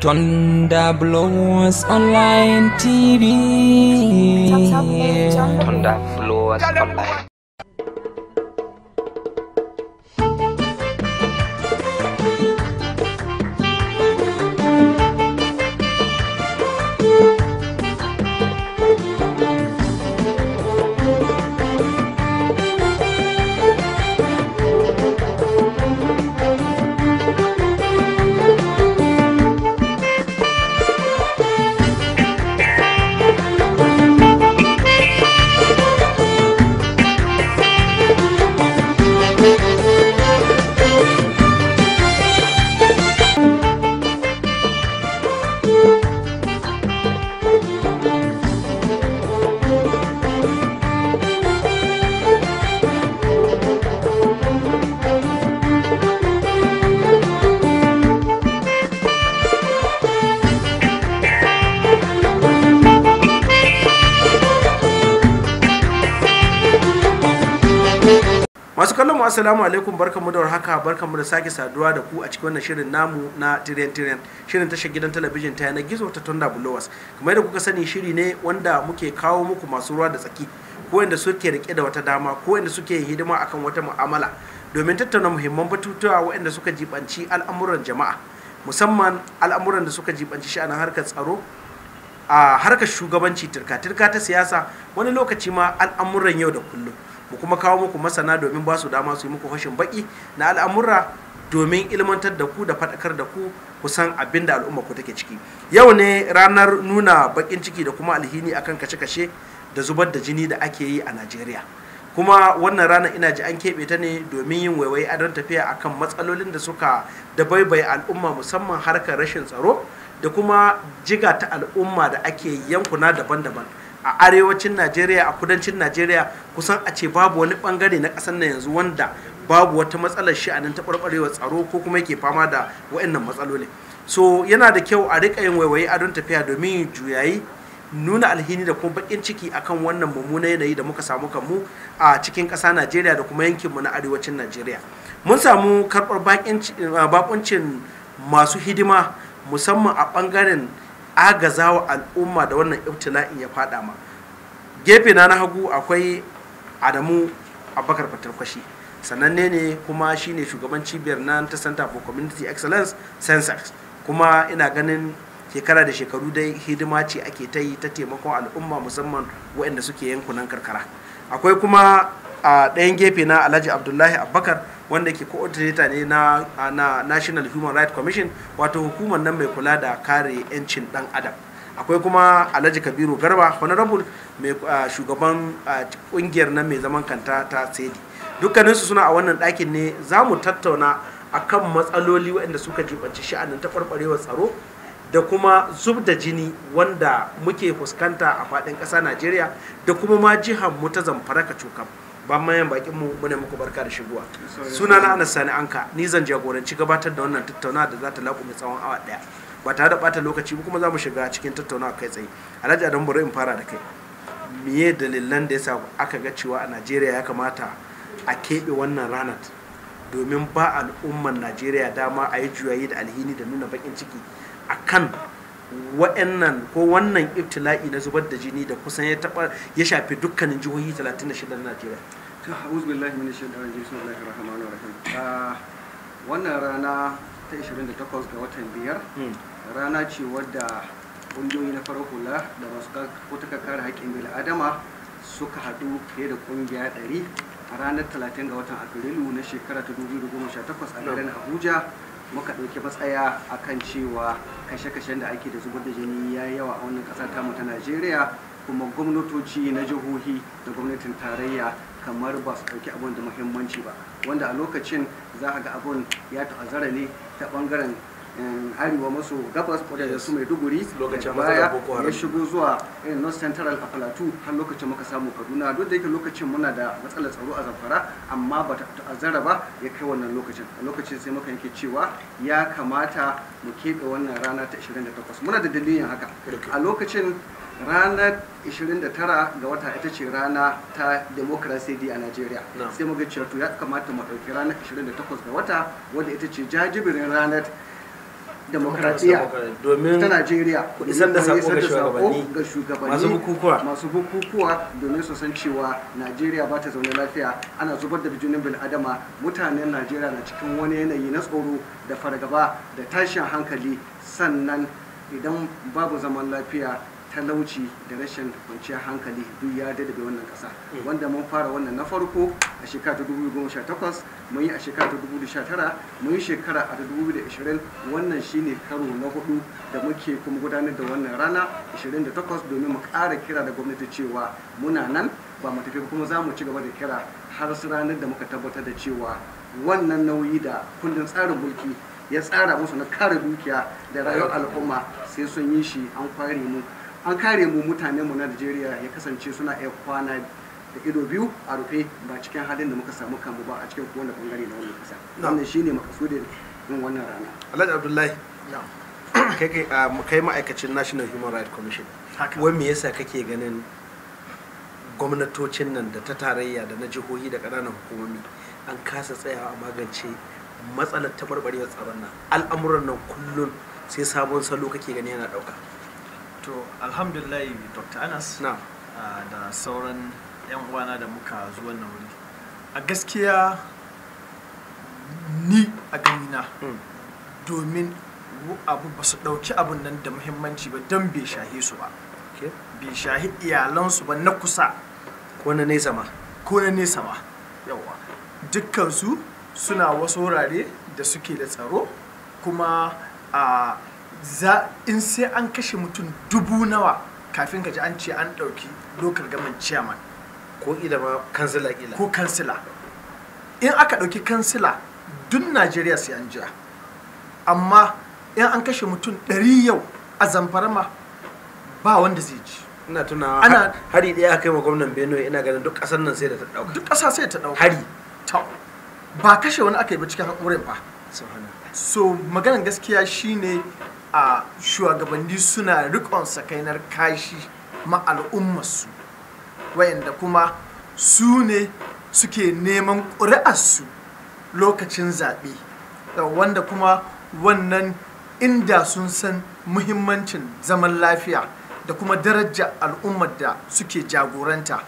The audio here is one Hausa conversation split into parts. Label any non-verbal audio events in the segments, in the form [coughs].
Thunder Blowers Online TV. Thunder Blowers Online. assalamu alaikum barkamu da warhaka mu da sake saduwa da ku a cikin wannan shirin namu na Tiriyan Tiriyan shirin tashar gidan talabijin ta yanar gizo ta Tonda Bulowas kamar da kuka sani shiri ne wanda muke kawo muku masu ruwa da tsaki ko wanda suke rike da wata dama ko wanda suke hidima akan wata mu'amala domin tattauna muhimman batutuwa waɗanda suka jibanci al'amuran jama'a musamman al'amuran da suka jibanci sha'anin harkar tsaro a harkar shugabanci turka turka ta siyasa wani lokaci ma al'amuran yau da kullum mu kuma kawo muku masana domin ba su dama su yi muku fashin baki na al'amura domin ilmantar da ku da faɗakar da ku kusan abin da al'umma ku take ciki yau ne ranar nuna bakin ciki da kuma alhini akan kashe-kashe da zubar da jini da ake yi a najeriya kuma wannan rana ina ji an keɓe ta ne domin yin waiwaye a don tafiya akan matsalolin da suka dabaibaye al'umma musamman harkar rashin tsaro da kuma jiga ta al'umma da ake yankuna daban-daban a arewacin najeriya a kudancin najeriya kusan a ce babu wani bangare na ƙasar nan yanzu wanda babu wata matsalar shi a sha'anin taɓarɓarewar tsaro ko kuma yake fama da wa'annan matsaloli so yana da kyau a riƙa yin waiwaye a don tafiya domin juyayi nuna alhini da kuma bakin ciki akan wannan mummuna yanayi da muka samu kanmu a cikin ƙasa najeriya da kuma yankinmu na arewacin najeriya mun samu karɓar bakuncin masu hidima musamman a bangaren. agaza wa al'umma da wannan ibtila'in ya fada ma gefe na na hagu akwai adamu abubakar fatarkwashi sananne ne kuma shine shugaban cibiyar nan ta center for community excellence sensex kuma ina ganin shekara da shekaru dai hidima ce ake ta yi ta taimakon al'umma musamman waɗanda suke yankunan karkara akwai kuma a ɗayan gefe na alhaji abdullahi abubakar wanda ke coordinator ne na, na national human rights commission wato hukumar nan mai kula da kare 'yancin dan adam akwai kuma alhaji kabiru garba honorable mai shugaban kungiyar nan mai zaman kanta ta sedi dukkaninsu suna a wannan ɗakin ne za mu tattauna akan matsaloli waɗanda suka jibanci sha'anin taɓarɓarewar tsaro da kuma zub da jini wanda muke fuskanta a faɗin kasa najeriya da kuma ma jihar mu ta zamfara ka cokam ban mayan bakin mu muna muku barka da shigowa suna na Anas Sani Anka ni zan jagoranci gabatar da wannan tattaunawa da za ta mai tsawon awa daya ba tare da bata lokaci ba kuma za mu shiga cikin tattaunawa kai tsaye Alhaji Adamu bari in fara da kai miye dalilan da yasa aka ga cewa a Najeriya ya kamata a keɓe wannan ranar domin ba al'umman Najeriya dama a yi juyayi da alhini da nuna bakin ciki akan wa'annan ko wannan iftila'i na zubar da jini da kusan ya shafi dukkanin jihohi 36 na Najeriya أعوذ بالله من الشيطان wannan rana ta 28 ga watan biyar hmm. rana ce wadda ƙungiyoyi na farar hula da masu kutuka kare haƙƙin bil'adama suka haɗu fiye da kungiya ɗari a ranar 30 ga watan afrilu na shekara ta 2018 a garin abuja muka ɗauki matsaya a kan cewa kashe-kashen da ake da zubar da jini ya yi yawa a wannan ƙasa tamu ta najeriya kuma gwamnatoci na jihohi da gwamnatin tarayya kamar ba su ɗauki abin da muhimmanci ba wanda a lokacin za a ga abun ya ta'azzara ne ta ɓangaren eh, arewa maso gabas da su mai duguri lokacin baya ya shigo zuwa irin north central a plateau har lokacin muka samu kaduna duk da yake lokacin muna da matsalar tsaro a zamfara amma ba ta ta'azzara ba ya kai wannan lokacin a lokacin sai muka yanke cewa ya kamata mu keɓe wannan rana ta 28 muna da dalilin haka a lokacin ranar 29 ga wata ita ce rana ta democracy day a nigeria sai mu cewa to ya kamata mu ɗauki ranar 28 ga wata wadda ita ce jajibirin ranar demokradiyya ta nigeria isar da sako ga shugabanni masu bukukuwa masu domin su san cewa nigeria ba ta zaune lafiya ana zubar da bijinin bil adama mutanen nigeria na cikin wani yanayi na tsoro da fargaba da tashin hankali sannan idan babu zaman lafiya talauci da rashin kwanciyar hankali duk ya dadabe wannan kasa mm. wanda mun fara wannan na farko a shekara ta 2018 mun yi a shekara ta 2019 mun yi shekara a 2020 wannan shine karo na hudu da muke kuma gudanar da wannan rana 28 domin mu kara kira da gwamnati cewa muna nan ba mu tafi kuma za mu ci gaba da kira har su ranar da muka tabbatar da cewa wannan nauyi da kundin tsarin mulki ya tsara musu na kare dukiya da rayuwar al'umma sai sun yi shi an kware mu an kare mu mutanen mu na Najeriya ya kasance suna iya kwana da ido biyu a rufe ba cikin halin da muka samu kanmu ba a cikin kowane bangare na wannan kasa wannan shine makasudin yin wannan rana Alhaji Abdullahi [clears throat] ah, kai ma'aikacin National Human Rights Commission wai me yasa kake ganin gwamnatocin nan da ta tarayya da na jihohi da ƙananan hukumomi an kasa tsayawa a magance matsalar tabarbarewar tsaron nan al'amuran nan kullum sai sabon salo kake gani yana ɗauka to alhamdulillah dr anas na ah, da sauran yan uwana da muka zo wannan wuri a gaskiya ni a ganina hmm. domin abu ba su ɗauki abun nan da muhimmanci ba don bai shahi su ba bai shahi iyalansu ba na kusa ko na nesa ma ko na nesa ma yawa dukkansu suna wasu wurare da suke da tsaro kuma a ah, za in sai an kashe mutum dubu nawa kafin ka ji an ce an ɗauki local government chairman ko ila ma kansila ila ko kansila in aka ɗauki kansila duk najeriya sai an jira amma in an kashe mutum ɗari yau a zamfarama ba wanda zai ji ina tunawa ana hari ɗaya kai ma gwamnan benue ina ganin duk ƙasar nan sai da ta ɗauka duk ƙasa sai ta ɗauka hari ta ba kashe wani aka yi ba cikin haƙurin ba so maganan gaskiya shine a shugabanni suna rikon sakainar kashi ma wayanda kuma su ne suke neman ƙuri'arsu lokacin zaɓe wanda kuma wannan inda sun san muhimmancin zaman lafiya da kuma daraja al'ummar da suke jagoranta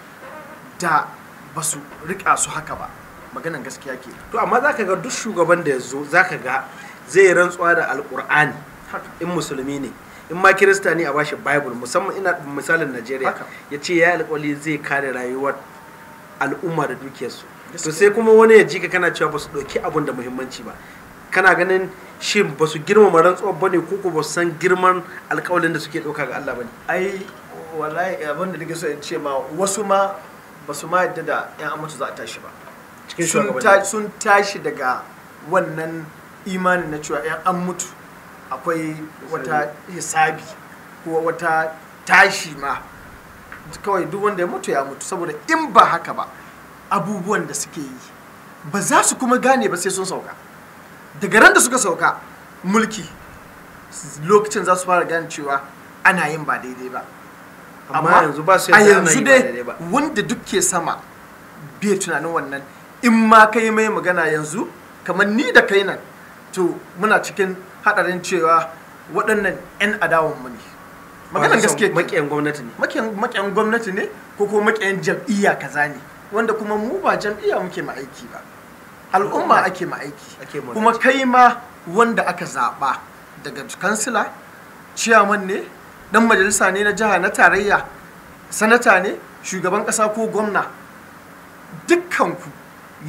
da ba su riƙa su haka ba maganan gaskiya ke to amma za ka ga duk shugaban da ya zo za ka ga zai rantsuwa da alƙur'ani in musulmi ne in ma kirista ne a bashi bible musamman ina misalin najeriya ya ce ya alƙawali zai kare rayuwar al'umma da dukiyarsu to sai kuma wani ya jika kana cewa ba su ɗauki abun da muhimmanci ba kana ganin shin ba su girmama rantsuwa ba ne ko ko ba su san girman alƙawalin da suke ɗauka ga allah ba ne ai wallahi abin da nake so in ce ma wasu ma ba su ma yadda da yan amatu za a tashi ba sun tashi daga wannan imanin na cewa yan an mutu akwai wata hisabi ko wata tashi ma kawai duk wanda ya mutu ya mutu saboda in ba haka ba abubuwan da suke yi ba za su kuma gane ba sai sun sauka daga ran da suka sauka mulki lokacin za su fara gane cewa ana yin ba daidai ba amma yanzu ba su a yanzu dai wanda duk ke sama bai tunanin wannan in ma kai mai magana yanzu kamar ni da kai nan to muna cikin hadarin cewa waɗannan 'yan adawan mu ne maganar gaske makiyan gwamnati ne makiyan gwamnati ne ko kuma makiyan jam'iyya kaza ne wanda kuma mu ba jam'iyya muke ma'aiki ba al'umma ake ma'aiki kuma kai ma wanda aka zaɓa daga kansila ciyaman ne dan majalisa ne na jiha na tarayya sanata ne shugaban ƙasa ko gwamna dukkanku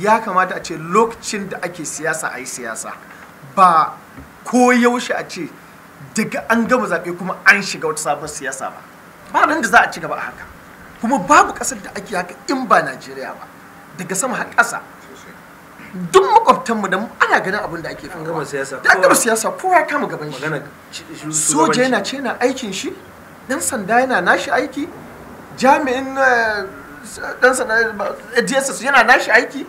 ya kamata a ce lokacin da ake siyasa a yi siyasa ba ko yaushe a ce daga an gama zaɓe kuma an shiga wata sabon siyasa ba ba nan da za a ci gaba a haka kuma babu ƙasar da ake haka in ba najeriya ba daga sama har ƙasa duk makwabtanmu da ana ganin abin da ake fara da an gama siyasa kowa ya kama gaban shi soja yana ce yana aikin shi dan sanda yana nashi aiki jami'in dan eh, sanda eh, eh, dss yana nashi aiki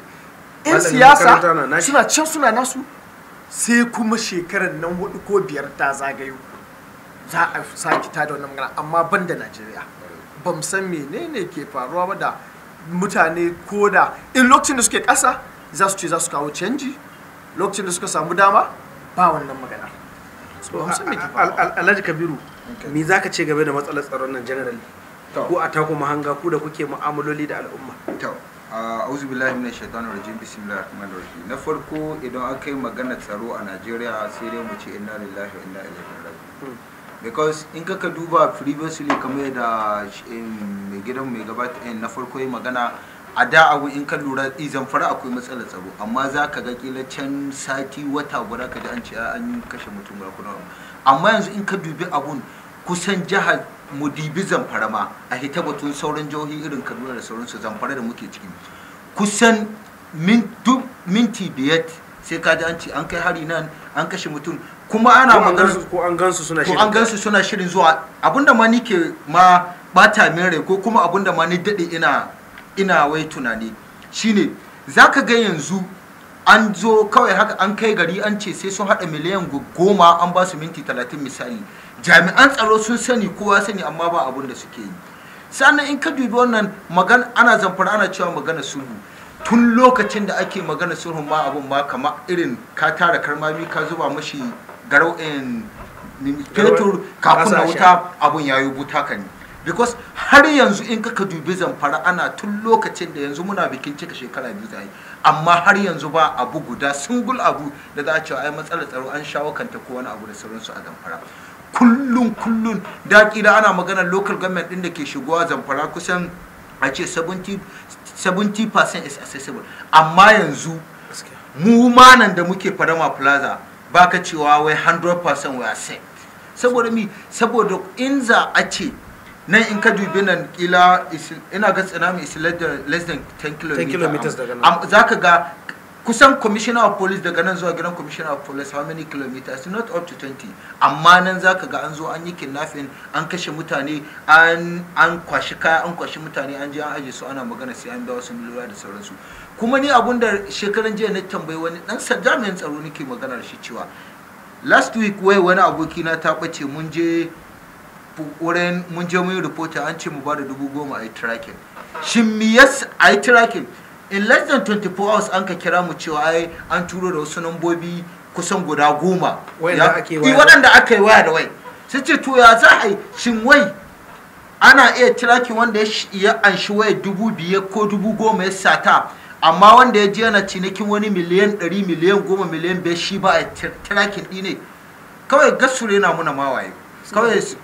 'yan siyasa suna can suna nasu sai kuma shekarar nan hudu ko biyar ta zagayo za a sake ta da wannan magana amma ban da najeriya ban san menene ke faruwa ba da mutane ko da in lokacin da suke ƙasa za su ce za su kawo canji lokacin da suka samu dama ba wannan magana alhaji kabiru me za ka ce game da matsalar tsaron nan generally ko a taku mahanga ku da kuke mu'amaloli da al'umma auzu auzubillahi min shaitanir rajim bismillahir rahmanir rahim na farko idan aka yi magana tsaro a Najeriya sai dai mu ce inna lillahi wa inna ilaihi raji'un because in kaka duba previously kamar da eh, mai gidan mai gabata eh, na farko yi magana a da abu in ka lura izan fara akwai matsalar tsaro amma za ka ga kila can sati wata guda ka ji an ce an kashe mutum guda kuna amma yanzu in ka dubi abun kusan jihar mu dibi zamfara ma a hita batun sauran jihohi irin kaduna da sauransu zamfara da muke ciki kusan minti biyar sai ka ji an ce an kai hari nan an kashe mutum kuma ana magana ko an gansu suna shirin suna shirin zuwa abinda ma nike ma bata min rai ko kuma abinda ma ni dade ina ina wai tunani shine zaka ga yanzu an zo kawai haka an kai gari an ce sai sun hada miliyan goma an ba su minti talatin misali jami'an tsaro sun sani kowa sani amma ba abun da suke yi sannan in ka dubi wannan magana ana zamfara ana cewa magana sulhu tun lokacin da ake magana sulhu ma abun ma kama irin ka tara karmami ka zuba mashi garau in eh, fetur kafin na wuta abun yi buta ka ne because har yanzu in kaka dubi zamfara ana tun lokacin da yanzu muna bikin cika shekara biyu zai amma har yanzu ba abu guda singul abu da za a cewa ai matsalar tsaro an shawo kanta ko wani abu da sauransu a zamfara kullun kullun da kila ana magana local government din da ke shigowa zamfara kusan a ce 70% is accessible amma yanzu mu manan da muke farama plaza baka cewa wai 100% we are set saboda mi saboda in za a ce nan in ka dubi nan kila ina ga tsunami is less than 10 kilometers za ka ga kusan commissioner of police daga nan zuwa gidan commissioner of police how many kilometers not up to 20 amma nan zaka ga an zo an yi kidnapping an kashe mutane an an kwashi kaya an kwashi mutane an je an aje su ana magana sai an ba sun lura da sauransu kuma ni abun da shekaran jiya na tambayi wani dan sanda tsaro nake magana shi cewa last week wai wani aboki na ta bace mun je wurin mun je mun yi report an ce mu ba da dubu goma a yi tracking shin me yes a tracking in less than 24 hours an ka kira mu cewa ai an turo da wasu nambobi kusan guda goma waɗanda aka yi waya da wai sai ce to ya za a yi shin wai ana iya tirakin wanda ya anshi waya dubu biyar ko dubu goma ya sata amma wanda ya je yana cinikin wani miliyan ɗari miliyan goma miliyan bai shi ba a tirakin ɗi ne kawai gasure na muna mawaye kawai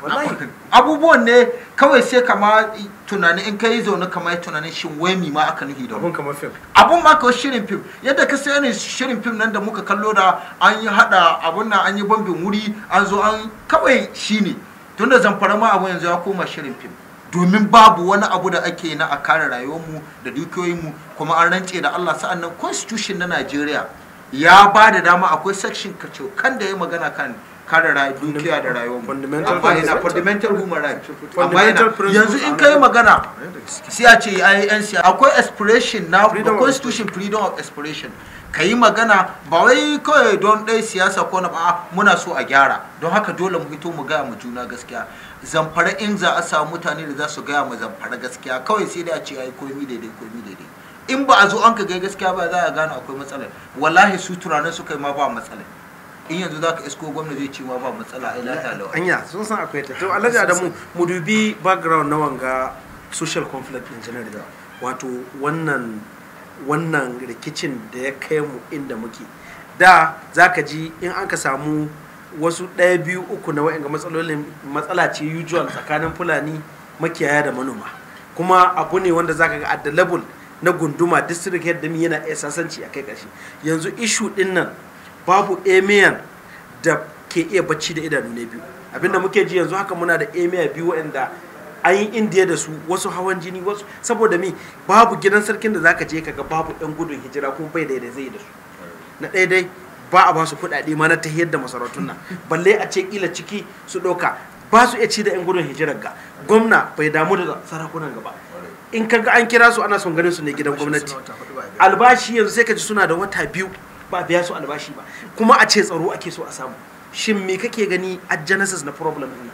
abubuwan ne kawai sai kama tunanin in kai zaune kama tunanin shin wemi ma aka nuhi da abun ma kawai shirin fim yadda ka sai ne shirin fim nan da muka kallo da an yi hada abun nan an yi bambin wuri an zo an kawai shi tun tunda zamfara ma abu yanzu ya koma shirin fim domin babu wani abu da ake na a kare rayuwarmu da dukiyoyinmu kuma an rance da Allah sa'an nan constitution na Najeriya ya ba da dama akwai section kan da ya magana kan kare dukiya da rayuwa amma yana fundamental human right amma yana yanzu in kai magana sai a ce ai siyasa akwai aspiration na constitution freedom of expression ka yi magana ba wai kawai don ɗai siyasa ko na ba muna so a gyara don haka dole mu fito mu gaya mu juna gaskiya zamfara in za a samu mutane da za su gaya ma zamfara gaskiya kawai sai dai a ce ai komi daidai komi daidai in ba a zo an ka gai gaskiya ba za a gano akwai matsalar wallahi su tunanin su kai ma ba matsalar in yanzu za ka isko gwamnati cewa ba matsala ai lata lawa anya sun san akwai ta to alhaji adamu mu dubi background na wanga social conflict in general wato wannan wannan rikicin da ya kai mu inda muke da za ka ji in an ka samu wasu ɗaya biyu uku na wa'in matsalolin matsala ce usual tsakanin fulani makiyaya da manoma kuma abu ne wanda za ka ga at the level na gunduma district head yana iya sasanci a kai ƙarshe yanzu ishu ɗin nan babu emir da ke iya bacci da idanu ne biyu abinda muke ji yanzu haka muna da emir biyu waɗanda an yi indiya da su wasu hawan jini wasu saboda mi babu gidan sarkin da zaka je ka ga babu yan gudun hijira ko bai daidai zai da su na daidai ba a ba su kuɗaɗe ma na tahiyar da masarautun nan balle a ce ila ciki su ɗauka ba su iya ci da 'yan gudun hijirar ga gwamna bai damu da sarakunan gaba in kaga an kira su ana son ganin su ne gidan gwamnati albashi yanzu sai ka ji suna da wata biyu ba biya su albashi ba kuma a ce tsaro ake so a samu shin me kake gani a genesis na problem ne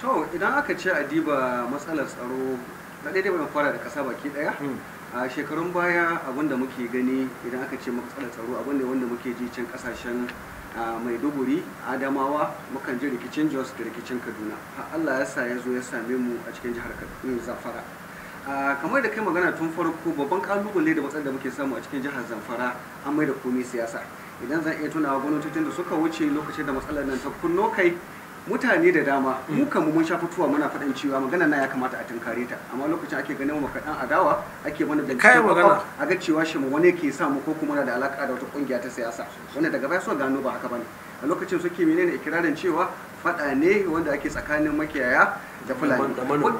to idan aka ce a diba matsalar tsaro na daidai ba fara da kasa baki daya hmm. a shekarun baya abun da muke gani idan aka ce matsalar tsaro abin da wanda muke ji can kasashen maiduguri adamawa mukan ji rikicin jos da rikicin kaduna Allah ya sa ya zo ya same mu a cikin jihar zafara. kamar da kai magana tun farko babban kalubale da matsalar da muke samu a cikin jihar zamfara an mai da komai siyasa idan zan iya tunawa gwamnatocin da suka wuce lokacin da matsalar nan ta kunno kai mutane da dama mu mm. kanmu mun sha fitowa muna faɗin cewa magana na ya kamata a tunkare ta amma lokacin ake ganin mu kaɗan adawa ake mana kai magana a ga cewa shi mu wani ke samu ko kuma da alaka da wata kungiya ta siyasa wanda daga baya so gano ba haka bane a lokacin suke menene ikirarin cewa faɗa ne wanda ake tsakanin makiyaya da fulani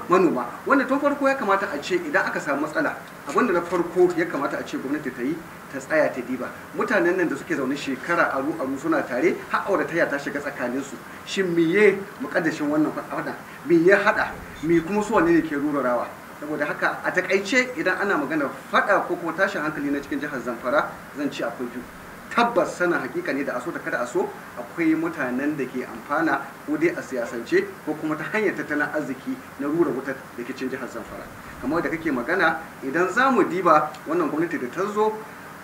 manoma wanda tun farko ya kamata a ce idan aka samu matsala abinda na farko ya kamata a ce gwamnati ta yi ta tsaya ta diba mutanen nan da suke zaune shekara aru aru suna tare har aure ta ta shiga tsakanin su shin miye mukaddashin wannan faɗa ya haɗa mi kuma su wane ne ke rurarawa saboda haka a takaice idan ana magana faɗa ko kuma tashin hankali na cikin jihar zamfara zan ci akwai biyu tabbas sana hakika ne da aso da kada aso akwai mutanen da ke amfana ko dai a siyasance ko kuma ta hanyar tattalin arziki na rura wutar rikicin jihar zamfara kamar da kake magana idan za mu diba wannan gwamnati da ta zo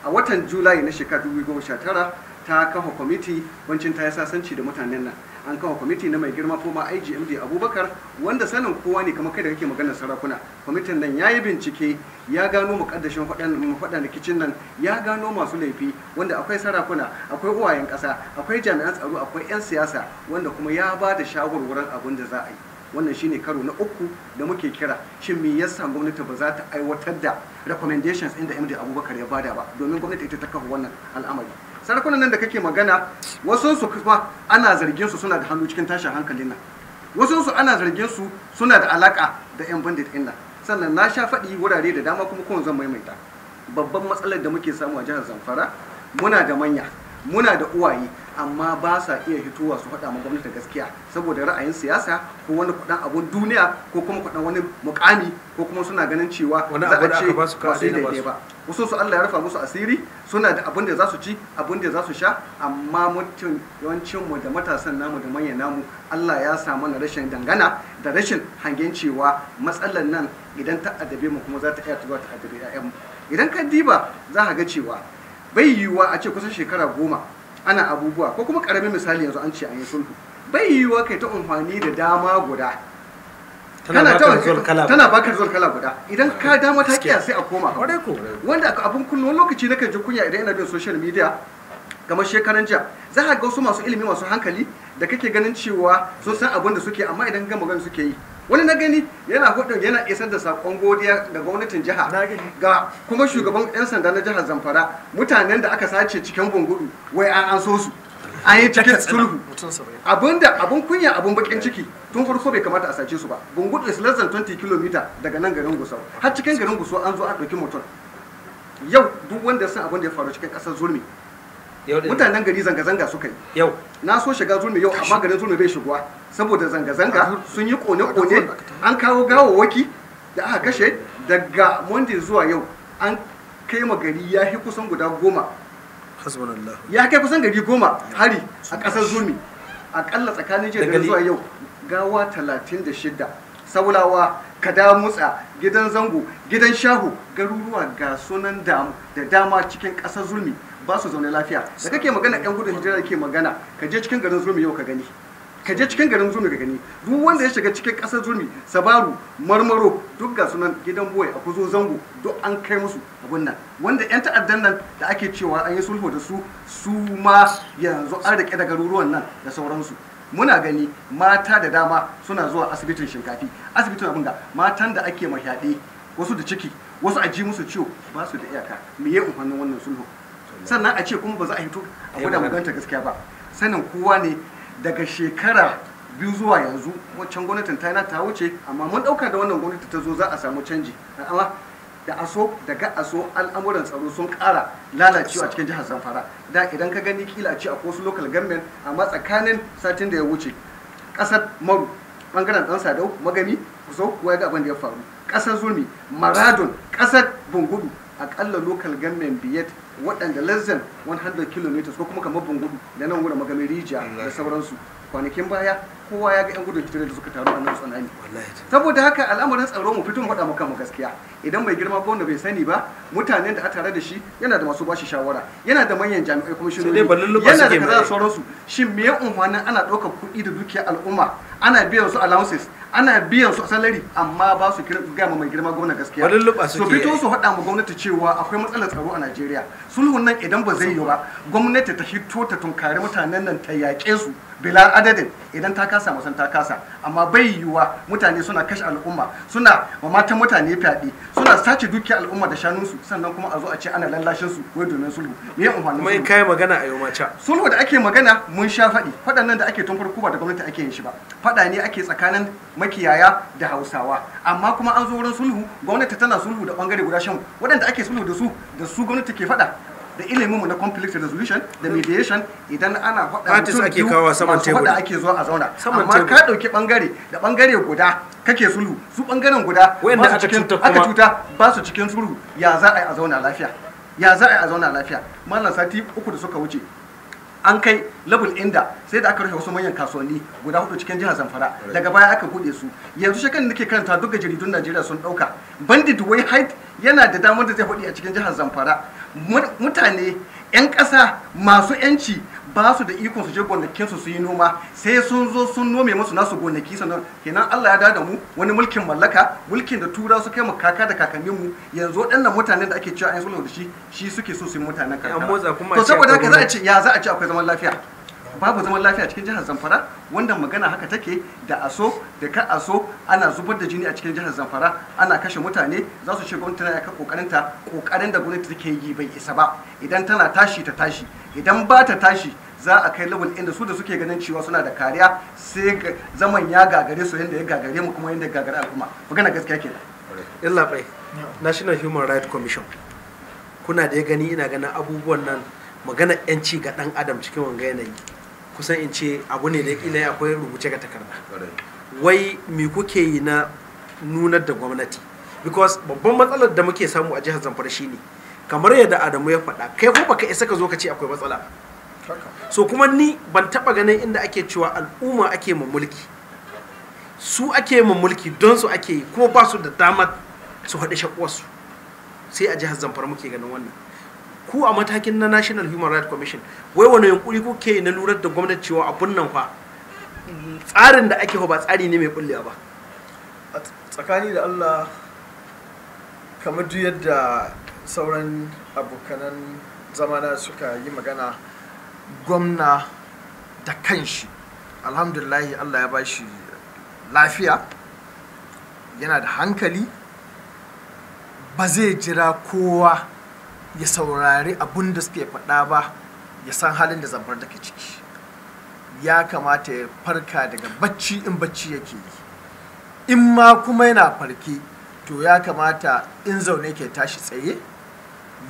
a watan julai na shekarar 2019 ta kafa kwamiti wancin ta yi sasanci da mutanen nan an kawo kwamiti na mai girma kuma IGMD Abubakar wanda sanin kowa ne kamar kai da kake maganar sarakuna kwamitin nan ya yi bincike ya gano mukaddashin faɗan rikicin nan ya gano masu laifi wanda akwai sarakuna akwai uwayen ƙasa akwai jami'an tsaro akwai 'yan siyasa wanda kuma ya ba da shawarwarin abun da za a yi wannan shine karo na uku da muke kira shin me yasa gwamnati ba za ta aiwatar da recommendations inda MD Abubakar ya bada ba domin gwamnati ita ta kafa wannan al'amari sarakunan nan da kake magana wasu kuma ana zargin su suna da hannu cikin tashin hankalin nan wasu su ana zargin su suna da alaka da yan bandit din nan sannan na sha faɗi wurare da dama kuma kuma zan maimaita babban matsalar da muke samu a jihar zamfara muna da manya muna da uwaye amma ba sa iya hitowa su faɗa ma gwamnati gaskiya saboda ra'ayin siyasa ko wani kuɗin abun duniya ko kuma kuɗin wani mukami ko kuma suna ganin cewa za a ce ba sai ba wasu su Allah ya rufa musu asiri suna da abin da za su ci abin da za su sha amma mutum yawancin mu da matasan namu da manyan namu Allah ya sa mana rashin dangana da rashin hangen cewa matsalar nan idan ta adabe mu kuma za ta iya ta yayan mu idan ka diba za ka ga cewa bai yiwuwa a ce kusan shekara goma ana abubuwa ko kuma karamin misali yanzu an ce an yi sulhu bai yiwuwa kai ta amfani da dama guda tana bakar zuwa kala guda idan ka dama ta kiya sai a koma wanda abun kunno wani lokaci na kan kunya idan ina bin social media kamar shekaran jiya za ka ga wasu masu ilimi masu hankali da kake ganin cewa sun san abin da suke amma idan gama gani suke yi wani na gani yana hudu yana isar da sakon godiya ga gwamnatin jiha ga kuma shugaban yan sanda na jihar zamfara mutanen da aka sace cikin gungudu wai an an so su an yi cikin sulhu abinda abin kunya abin bakin ciki tun farko bai kamata a sace su ba gungudu is less than 20 km daga nan garin guso har cikin garin gusau an zo a dauki mutum yau duk wanda san abin da ya faru cikin kasar zurmi mutanen gari zanga-zanga suka yi yau na so shiga zulmi yau amma garin zulmi bai shigowa saboda zanga-zanga sun yi kone-kone an kawo waki da aka kashe daga monday zuwa yau an kai ma gari ya fi kusan guda goma ya kai kusan gari goma hari a ƙasar tsakanin jiya zuwa yau gawa talatin da shida saulawa kadamutsa gidan zango gidan shahu garuruwa ga sunan da dama cikin ƙasar zulmi ba su zaune lafiya da kake magana yan gudun hijira da ke magana ka je cikin garin zulmi yau ka gani ka je cikin garin zulmi ka gani duk wanda ya shiga cikin ƙasar zulmi sabaru marmaro duk ga sunan gidan boye a kuzo zango duk an kai musu abun nan wanda yan ta'addan nan da ake cewa an yi sulhu da su su ma yanzu an rike da garuruwan nan da sauransu muna gani mata da dama suna zuwa asibitin shinkafi asibitin abin da matan da ake mahyaɗe wasu da ciki wasu a ji musu ciwo ba su da iyaka me ya umarnin wannan sulhu sannan a ce kuma ba za a hito a gwada maganta gaskiya ba sannan kowa ne daga shekara biyu zuwa yanzu wancan gwamnatin ta ta wuce amma mun ɗauka da wannan gwamnati ta zo za a samu canji amma da aso daga aso al'amuran tsaro sun kara lalacewa cikin jihar zamfara da idan ka gani kila ce a wasu local government amma tsakanin satin da ya wuce kasar maru bangaren dan sadau magami kuso kuwa ga abin da ya faru ƙasar zulmi maradon ƙasar bungudu akalla local government biyat waɗanda than 100 km ko kuma kamar bungudu da nan wurin magamin rijiya da sauransu kwanakin baya kowa ya ga yan gudun fitore da suka taru a nan tsunami saboda haka al'amarin tsaro mu fito mu faɗa maka gaskiya idan bai girma gwamna bai sani ba mutanen da a tare da shi yana da masu bashi shawara yana da manyan jami'ai kuma shi ne yana da kaza sauransu shin me ya unhwanin ana ɗaukar kuɗi da dukiyar al'umma ana biyan su allowances ana biyan su salari amma ba su ga mai girma gwamna gaskiya su fito su faɗa ma gwamnati cewa akwai matsalar tsaro a Najeriya sulhun nan idan ba zai yi ba gwamnati ta hito ta tunkari mutanen nan ta yaƙe su bila adadin idan ta kasa musan ta kasa amma bai yiwuwa mutane suna kashe al'umma suna matan mutane fyaɗe suna sace dukiyar al'umma da shanunsu sannan kuma a zo a ce ana lallashin su wai domin sulhu me ya amfani mai kai magana a yau sulhu da ake magana mun sha faɗi faɗan nan da ake tun farko ba da gwamnati ake yin shi ba faɗa ne ake tsakanin makiyaya da hausawa amma kuma an zo wurin sulhu gwamnati tana sulhu da bangare guda shan waɗanda ake sulhu da su da su gwamnati ke faɗa da ilimin mu na conflict resolution da mediation idan ana faɗa mutum ake kawo saman teburi masu ake zuwa a zauna amma ka ɗauki bangare da bangare guda kake sulhu su bangaren guda wanda aka cuta aka cuta ba su cikin sulhu ya za a yi a zauna lafiya ya za a yi a zauna lafiya mallan sati uku da suka wuce an kai level inda sai da aka rufe wasu manyan kasuwanni guda hudu cikin jihar zamfara daga baya aka bude su yanzu shekaru nake karanta duk jaridun najeriya sun dauka bandit wai height yana da damar da zai faɗi a cikin jihar zamfara mutane 'yan kasa masu 'yanci ba su da ikon su je gonakin su su yi noma sai sun zo sun nome musu nasu gonaki sannan kenan Allah ya da da mu wani mulkin mallaka mulkin da tura su kai mu kaka da kakannin mu yanzu dan waɗannan mutanen da ake cewa an sulhu da shi shi suke so su yi mutanen kaka to saboda haka za a ce ya za a ce akwai zaman lafiya babu zaman lafiya cikin jihar zamfara wanda magana haka take da aso da ka aso ana zubar da jini a cikin jihar zamfara ana kashe mutane za su ce gwamnati na yaka ta kokarin da gwamnati take yi bai isa ba idan tana tashi ta tashi idan ba ta tashi za a kai level inda su da suke ganin cewa suna da kariya sai zaman ya gagare su yadda ya gagare mu kuma yadda ya gagare al'umma magana gaskiya ke illa bai national human rights commission kuna da ya gani ina ganin abubuwan nan magana 'yanci ga dan adam cikin wanga yanayi kusan in ce abu ne da kila akwai rubuce ga takarda wai me kuke yi na nunar da gwamnati because babban matsalar da muke samu a jihar zamfara shine kamar yadda adamu ya faɗa kai ko baka isa ka zo ka ce akwai matsala so kuma ni ban taɓa ganin inda ake cewa al'umma ake ma mulki su ake ma mulki don su ake yi kuma ba su da damar su haɗe shakuwarsu sai a jihar zamfara muke ganin wannan ku a matakin na national human rights commission wai wani yunkuri kuke na lura da gwamnati cewa abun nan fa tsarin da ake ba tsari ne mai bullewa ba tsakani da allah kamar duk yadda sauran abokanan zamana suka yi magana gwamna da kanshi alhamdulahi allah ya ba shi lafiya yana da hankali ba zai jira kowa ya saurari abin da suke faɗa ba ya san halin da zabar take ciki ya kamata ya farka daga bacci in bacci yake yi in ma kuma yana farke to ya kamata in zaune ke tashi tsaye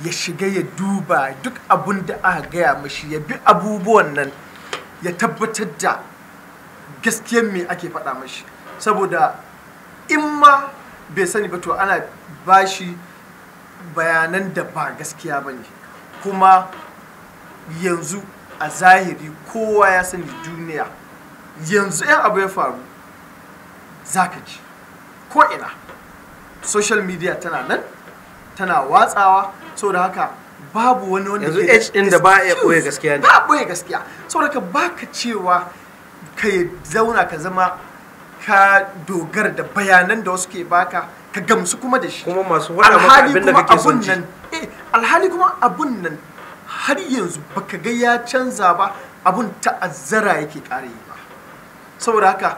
ya shiga ya duba duk abin da aka gaya mashi ya bi abubuwan nan ya tabbatar da gaskiyar me ake faɗa mashi saboda in ma bai sani ba to ana bashi bayanan da ba gaskiya ba ne kuma yanzu a zahiri kowa ya sani duniya yanzu 'yan abu ya faru za ka ji ko'ina social media tana nan tana watsawa da haka babu wani wanda yanzu h da ba ya ɓoye gaskiya ne ba ɓoye gaskiya da haka ba ka cewa ka zauna ka zama ka dogara da bayanan da wasu ke baka ka gamsu kuma da shi kuma masu wada maka abin da kake son ji eh alhali kuma abun nan har yanzu baka ga ya canza ba abun ta'azzara yake kare yi ba saboda haka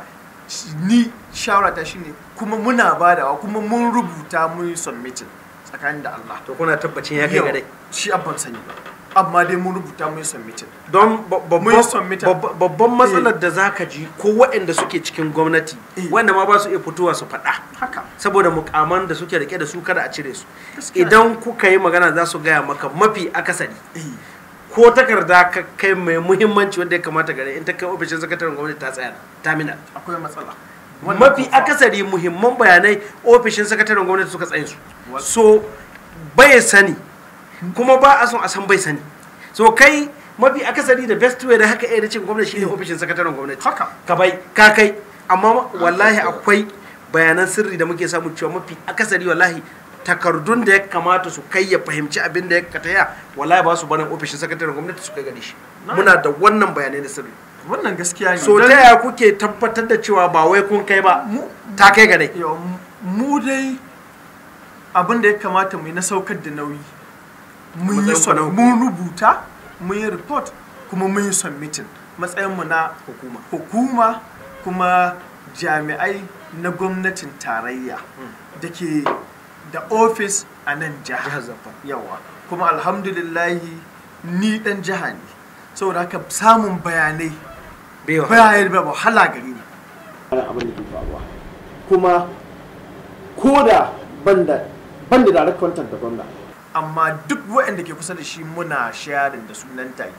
ni shawara ta shine kuma muna badawa kuma mun rubuta mun submit tsakanin da Allah to kuna tabbacin ya kai ga dai shi abban sani ba amma dai mun rubuta mun submitin don babban eh. matsalar da zaka ji ko waɗanda suke cikin gwamnati eh. wanda ma ba su iya fitowa su faɗa saboda mukaman da suke rike da su kada a cire su idan kuka yi magana za su gaya maka mafi akasari eh. ko takarda ka kai mai muhimmanci wanda ya kamata gare in ta kai ofishin sakataren gwamnati ta tsaya terminal akwai matsala mafi akasari muhimman bayanai ofishin sakataren gwamnati suka tsaye su so bai sani kuma ba a son a san bai sani so kai mafi akasari da best way da haka iya cin gwamnati shine ofishin sakataren gwamnati haka ka bai ka kai amma wallahi akwai bayanan sirri da muke samu cewa mafi akasari wallahi takardun da ya kamata su kai ya fahimci abin da ya kataya wallahi ba su barin ofishin sakataren gwamnati su kai gani shi muna da wannan bayanai na sirri wannan gaskiya ne so ta yaya kuke tabbatar da cewa ba wai kun kai ba ta kai gare mu dai abin da ya kamata mu yi na saukar da nauyi mun yi mun rubuta mun yi report kuma mun yi matsayin matsayinmu na hukuma hukuma kuma jami'ai na gwamnatin tarayya hmm. da ke da ofis a nan jihar yawa kuma alhamdulillahi ni dan jiha ne saboda haka samun bayanai bayanai ba wahala gari ne kuma ko da banda banda da da gwamna amma duk waɗanda ke kusa da shi muna sharing da sunan take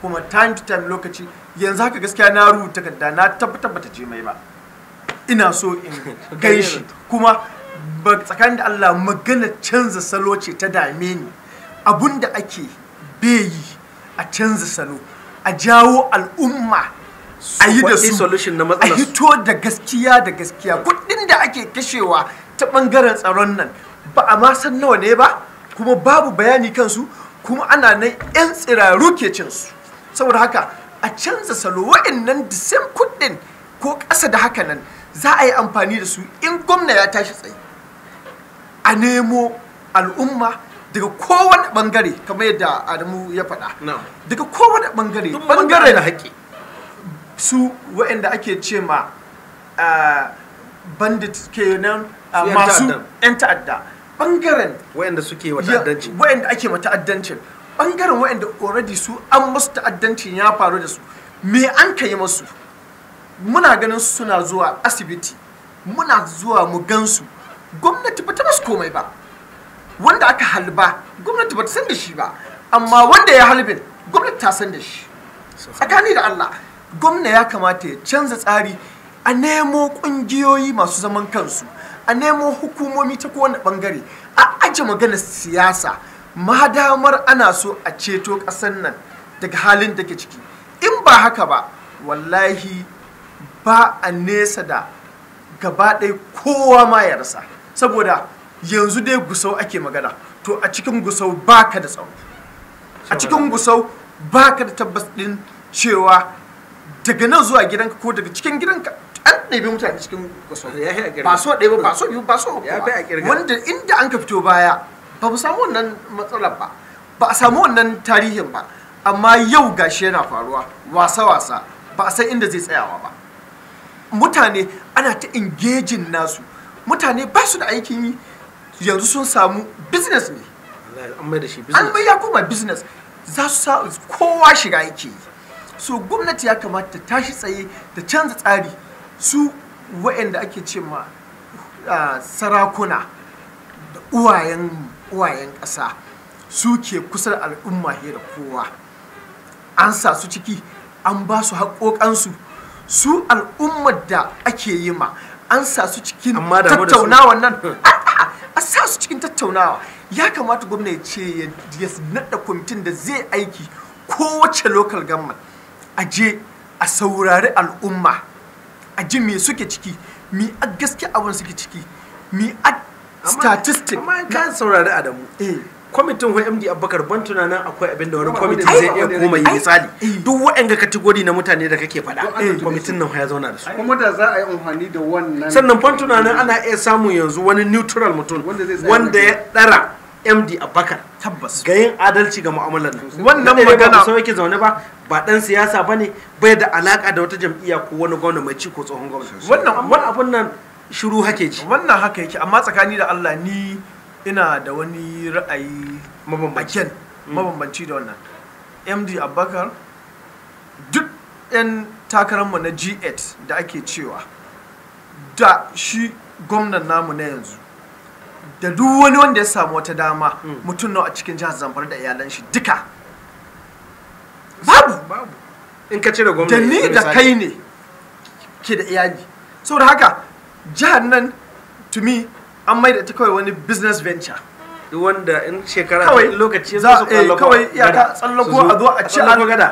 kuma time to time lokaci yanzu haka gaskiya na rubuta takarda na tabbatar bata je mai ba ina so in [laughs] shi kuma ba tsakanin da Allah magana canza salo ce ta dame ni abunda da ake beyi a canza salo a jawo al'umma a yi da su a hito da gaskiya da gaskiya kudin da ake kashewa ta bangaren tsaron nan ba a ma san nawa ne ba kuma babu bayani kansu kuma ana nan 'yan tsiraru ke cinsu saboda haka a canza salo wa'annan da sam kuɗin ko ƙasa da haka nan za a yi amfani da su in gwamna ya tashi tsaye a nemo al'umma daga kowane bangare kamar yadda adamu ya faɗa daga kowane bangare bangare na haƙƙi su waɗanda ake ce ma ah, bandit ke nan ah, masu 'yan ta'adda bangaren wayanda suke wa wayanda ake ma ta'addancin bangaren wayanda already su an musu ta'addancin ya faru da su me an kai masu muna ganin suna zuwa asibiti muna zuwa mu gansu gwamnati ba ta masu komai ba wanda aka halba gwamnati ba ta san da shi ba amma wanda ya halbin gwamnati ta san da shi tsakani da Allah gwamna ya kamata ya canza tsari a nemo kungiyoyi masu zaman kansu a nemo hukumomi ta kowane bangare a aje maganar siyasa madamar ana so a ceto ƙasar nan daga halin da ke ciki in ba haka ba wallahi ba a nesa da gaba ɗaya kowa ma ya rasa saboda yanzu dai gusau ake magana to a cikin gusau baka da tsawo? a cikin gusau baka da tabbas ɗin cewa daga nan zuwa gidanka ko daga cikin gidanka ɗabi mutane cikin kaso ba baso ɗaya ba baso biyu baso ba so a ba wanda inda an ka fito baya ba mu samu wannan matsalar ba ba a samu wannan tarihin ba amma yau gashi yana faruwa wasa-wasa ba a san inda zai tsayawa ba mutane ana ta engaging nasu mutane ba su da aikin yi yanzu sun samu business ne an bai ya koma business za su kowa shiga aiki yi so gwamnati ya kamata ta tashi tsaye ta canza tsari su waɗanda ake ce ma sarakuna da uwayen ƙasa su ke kusa da al'umma da kowa an sa su ciki an ba su haƙoƙansu su al'ummar da ake yi ma an sa su cikin tattaunawa nan [laughs] a sa su cikin tattaunawa ya kamata gwamna ya ce ya naɗa kwamitin da zai aiki kowace lokal government a je a saurari al'umma a ji me suke ciki mi a gaske abin suke ciki mi a statistic amma ka saurari adamu eh. kwamitin wani md abubakar ban tunanin akwai abin da wani kwamitin zai iya koma yi misali eh. duk waɗanda kategori na mutane da kake faɗa kwamitin nan ya zauna da su kuma da za a yi amfani da wannan sannan ban tunanin ana iya samun yanzu wani neutral mutum wanda ya dara. md Abakar. tabbas ga yin adalci ga mu'amalar nan wannan magana ba yake zaune ba ba dan siyasa bane bai da alaka da wata jam'iyya ko wani gwamna mai ci ko tsohon gwamna wannan wannan abun nan shiru hake ji wannan haka yake amma tsakani da Allah ni ina da wani ra'ayi mabambanci mm. mabambanci da wannan md abubakar duk yan takararmu na g8 da ake cewa da shi gwamnan namu na yanzu da duk wani wanda ya samu wata dama hmm. mutum nawa a cikin jihar zamfara da iyalan shi duka babu in ka cire gwamnati da ni da kai ne ke da iyali saboda haka jihar nan to me an mai da ta kawai wani business venture duk wanda in shekara kawai lokaci za su eh, kawai ka tsallako a zo a ci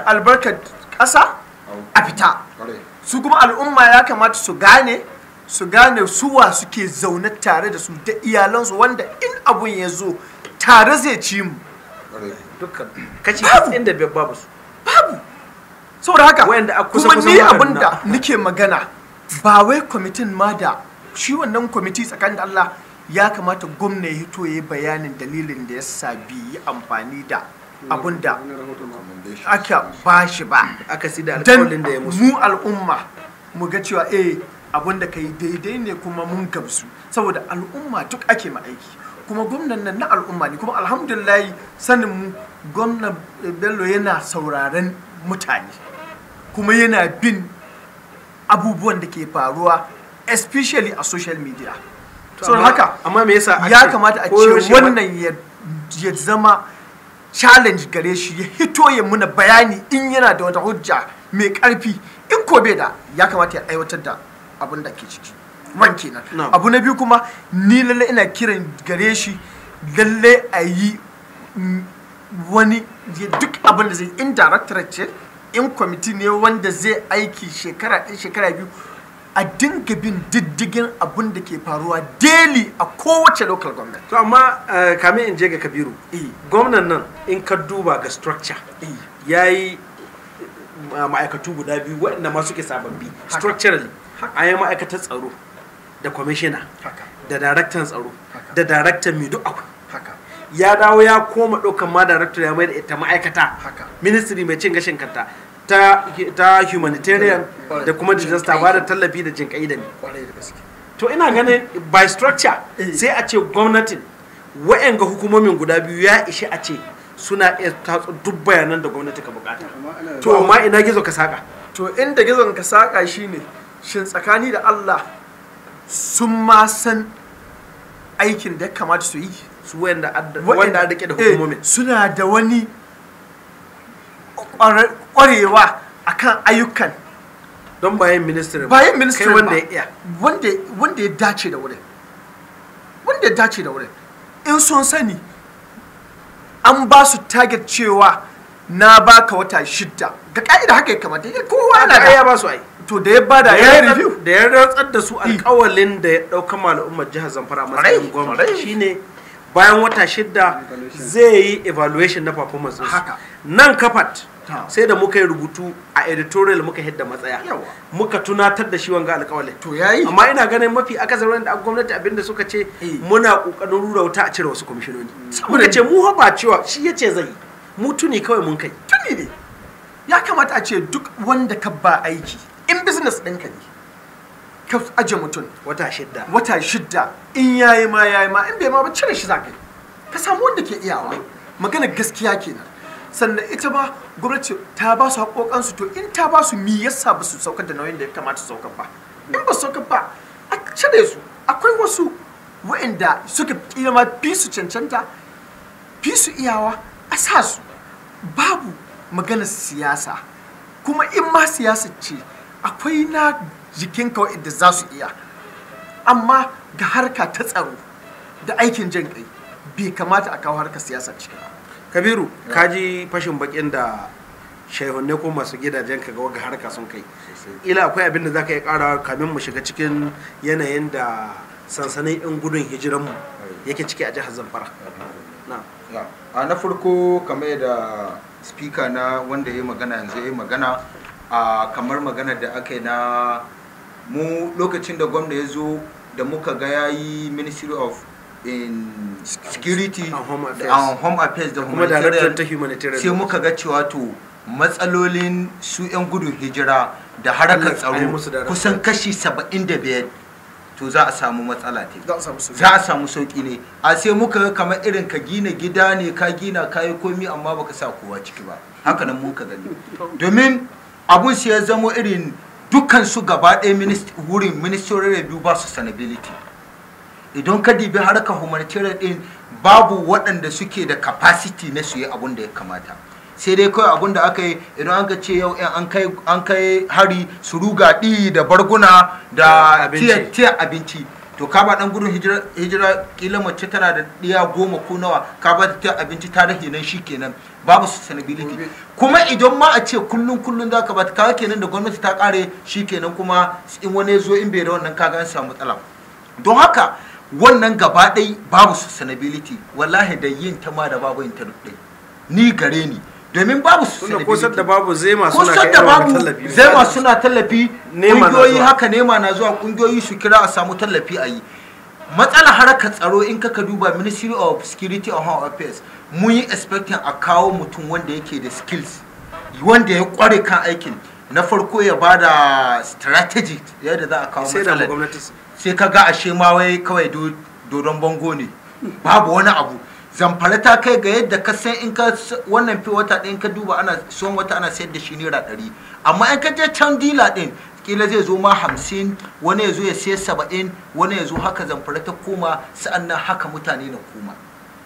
albarkar ƙasa a fita su kuma al'umma ya kamata su gane su gane suwa suke zaune tare da su da iyalansu wanda in abun ya zo tare zai ci mu dukkan kaci inda babu su babu saboda haka kuma ni abin da nake magana ba wai kwamitin ma da shi wannan kwamiti tsakanin Allah ya kamata gwamna ya hito ya bayanin dalilin da ya sabi yi amfani da abin da aka bashi ba aka si da alƙawarin da ya musu mu al'umma mu ga cewa eh abinda da kai daidai ne kuma mun gamsu saboda al'umma duk ake ma aiki kuma gwamnan nan na al'umma ne kuma alhamdulillahi sanin mu gwamnan bello yana sauraren mutane kuma yana bin abubuwan da ke faruwa especially a social media so haka amma me yasa ya kamata a ce wannan ya zama challenge gare shi ya hito ya muna bayani in yana da wata hujja mai karfi in ko bai da ya kamata ya aiwatar da abin da ke ciki wan kenan abu na biyu kuma ni lalle ina kiran gare shi lalle a yi wani duk abin da zai in director ce in kwamiti ne wanda zai aiki shekara ɗin shekara biyu a dinga bin diddigin abin da ke faruwa daily a kowace local government to amma eh, kamin in je ga kabiru eh. gwamnan nan in ka duba ga structure eh. ya yi ma'aikatu guda biyu waɗanda masu ke sababbi structurally a yi ma'aikatar tsaro da kwamishina da daraktan tsaro da daraktan mai duk akwai ya dawo ya koma ɗaukan ma daraktar ya mai da ita ma'aikata ministry mai cin gashin kanta ta humanitarian da kuma disaster ba da tallafi da jinƙai da ne to ina ganin by structure eh. sai a ce gwamnatin wa'yan ga hukumomin guda biyu ya ishi a ce suna iya tatsu duk bayanan da gwamnati ka bukata to ma ina gizo ka saka to inda gizon ka saka shine shin tsakani da Allah sun ma san aikin da ya kamata su yi su wanda da rike da hukumomin eh, suna da wani kwarewa akan ayyukan don bayan ministry bayan ministry wanda ya iya wanda ya dace da wurin wanda ya dace da wurin in sun sani an ba su target cewa na baka wata shidda ga ka'ida haka ya kamata kowa na da ya ba su ai to da ya ba da ya yi review da ya rantsar da su alkawalin da ya ɗauka al'ummar jihar zamfara a matsayin gwamnati shine bayan wata shida zai yi evaluation na performance nan kafat sai da muka yi rubutu a editorial muka hidda matsaya muka tunatar da shi wanga alkawalin to yayi amma ina ganin mafi aka akasarin da gwamnati abinda suka ce muna kokarin rura wuta a cire wasu kwamishinoni muka ce mu ba cewa shi yace zai mu tuni kawai mun kai tuni ne ya kamata a ce duk wanda ka ba aiki in business ɗinka ne ka aje mutum wata shidda wata shidda in yayi ma yayi ma in bai ma ba cire shi za ka yi ka samu wanda ke iyawa magana gaskiya kenan sannan ita ba gwamnati ta ba su haƙoƙansu to in ta ba su mi yasa ba su saukar da nauyin da ya kamata su saukar ba in ba su saukar ba a cire su akwai wasu wa'anda suka kila ma fi su cancanta fi su iyawa a sa su babu maganar siyasa kuma in ma siyasa ce akwai na jikinka wanda za su iya amma ga harka ta tsaro da aikin jin kai bai kamata a kawo harka siyasa cikin kabiru ka ji fashin bakin da shaihunne ko masu gidajen ka ga harka sun kai ila akwai abin da zaka ka yi karawa kamin mu shiga cikin yanayin da sansanin yan gudun mu yake ciki a jihar zamfara na farko kamar da spika na wanda ya magana yanzu ya magana a kamar magana da aka yi na mu lokacin da gwamna ya zo da muka ga ya yi ministry of in security and home affairs da humanitarian sai muka ga cewa to matsalolin su 'yan gudun hijira da harakar tsaro kusan kashi 75 to za a samu matsala te. za a samu sauki ne a sai muka ga kamar irin ka gina gida ne ka gina kayi komi amma baka sa kowa ciki ba haka nan muka gani [laughs] domin abun su ya zamo irin dukkan su gaba ɗaya wurin ministry review ba su sanability idan ka dibi harka humanitarian din babu waɗanda suke da capacity na su yi abun da ya kamata sai dai kawai abun da aka yi idan an ka ce yau an kai hari su ruga ɗi da barguna da tiyar abinci to ka ba dan gudun hijira kila mace tana da ɗiya goma ko nawa ka ba ta abinci ta rage nan shikenan babu sustainability kuma idan ma a ce kullun kullun zaka ba ta kenan da gwamnati ta kare shikenan kuma in wani zo in bai da wannan kaga an samu matsala don haka wannan gaba ɗai babu sustainability wallahi da yin ta ma da babu yin ta ni gare ni domin babu su suna kosar da babu zema suna kosar da babu zema suna tallafi kungiyoyi haka nema na zuwa kungiyoyi su kira a samu tallafi a yi matsala harkar tsaro in kaka duba ministry of security and home affairs mun yi expecting a kawo mutum wanda yake da skills wanda ya kware kan aikin na farko ya ba da strategy yadda za a kawo matsalar sai ka ga ashe ma wai kawai dodon bango ne babu wani abu zamfara ta kai ga yadda ka san in ka wannan fi wata ɗin ka duba ana son wata ana sayar da shi naira ɗari amma in ka je can dila ɗin kila zai zo ma hamsin wani ya zo ya sai saba'in wani ya zo haka zamfara ta koma sa'annan haka mutane na koma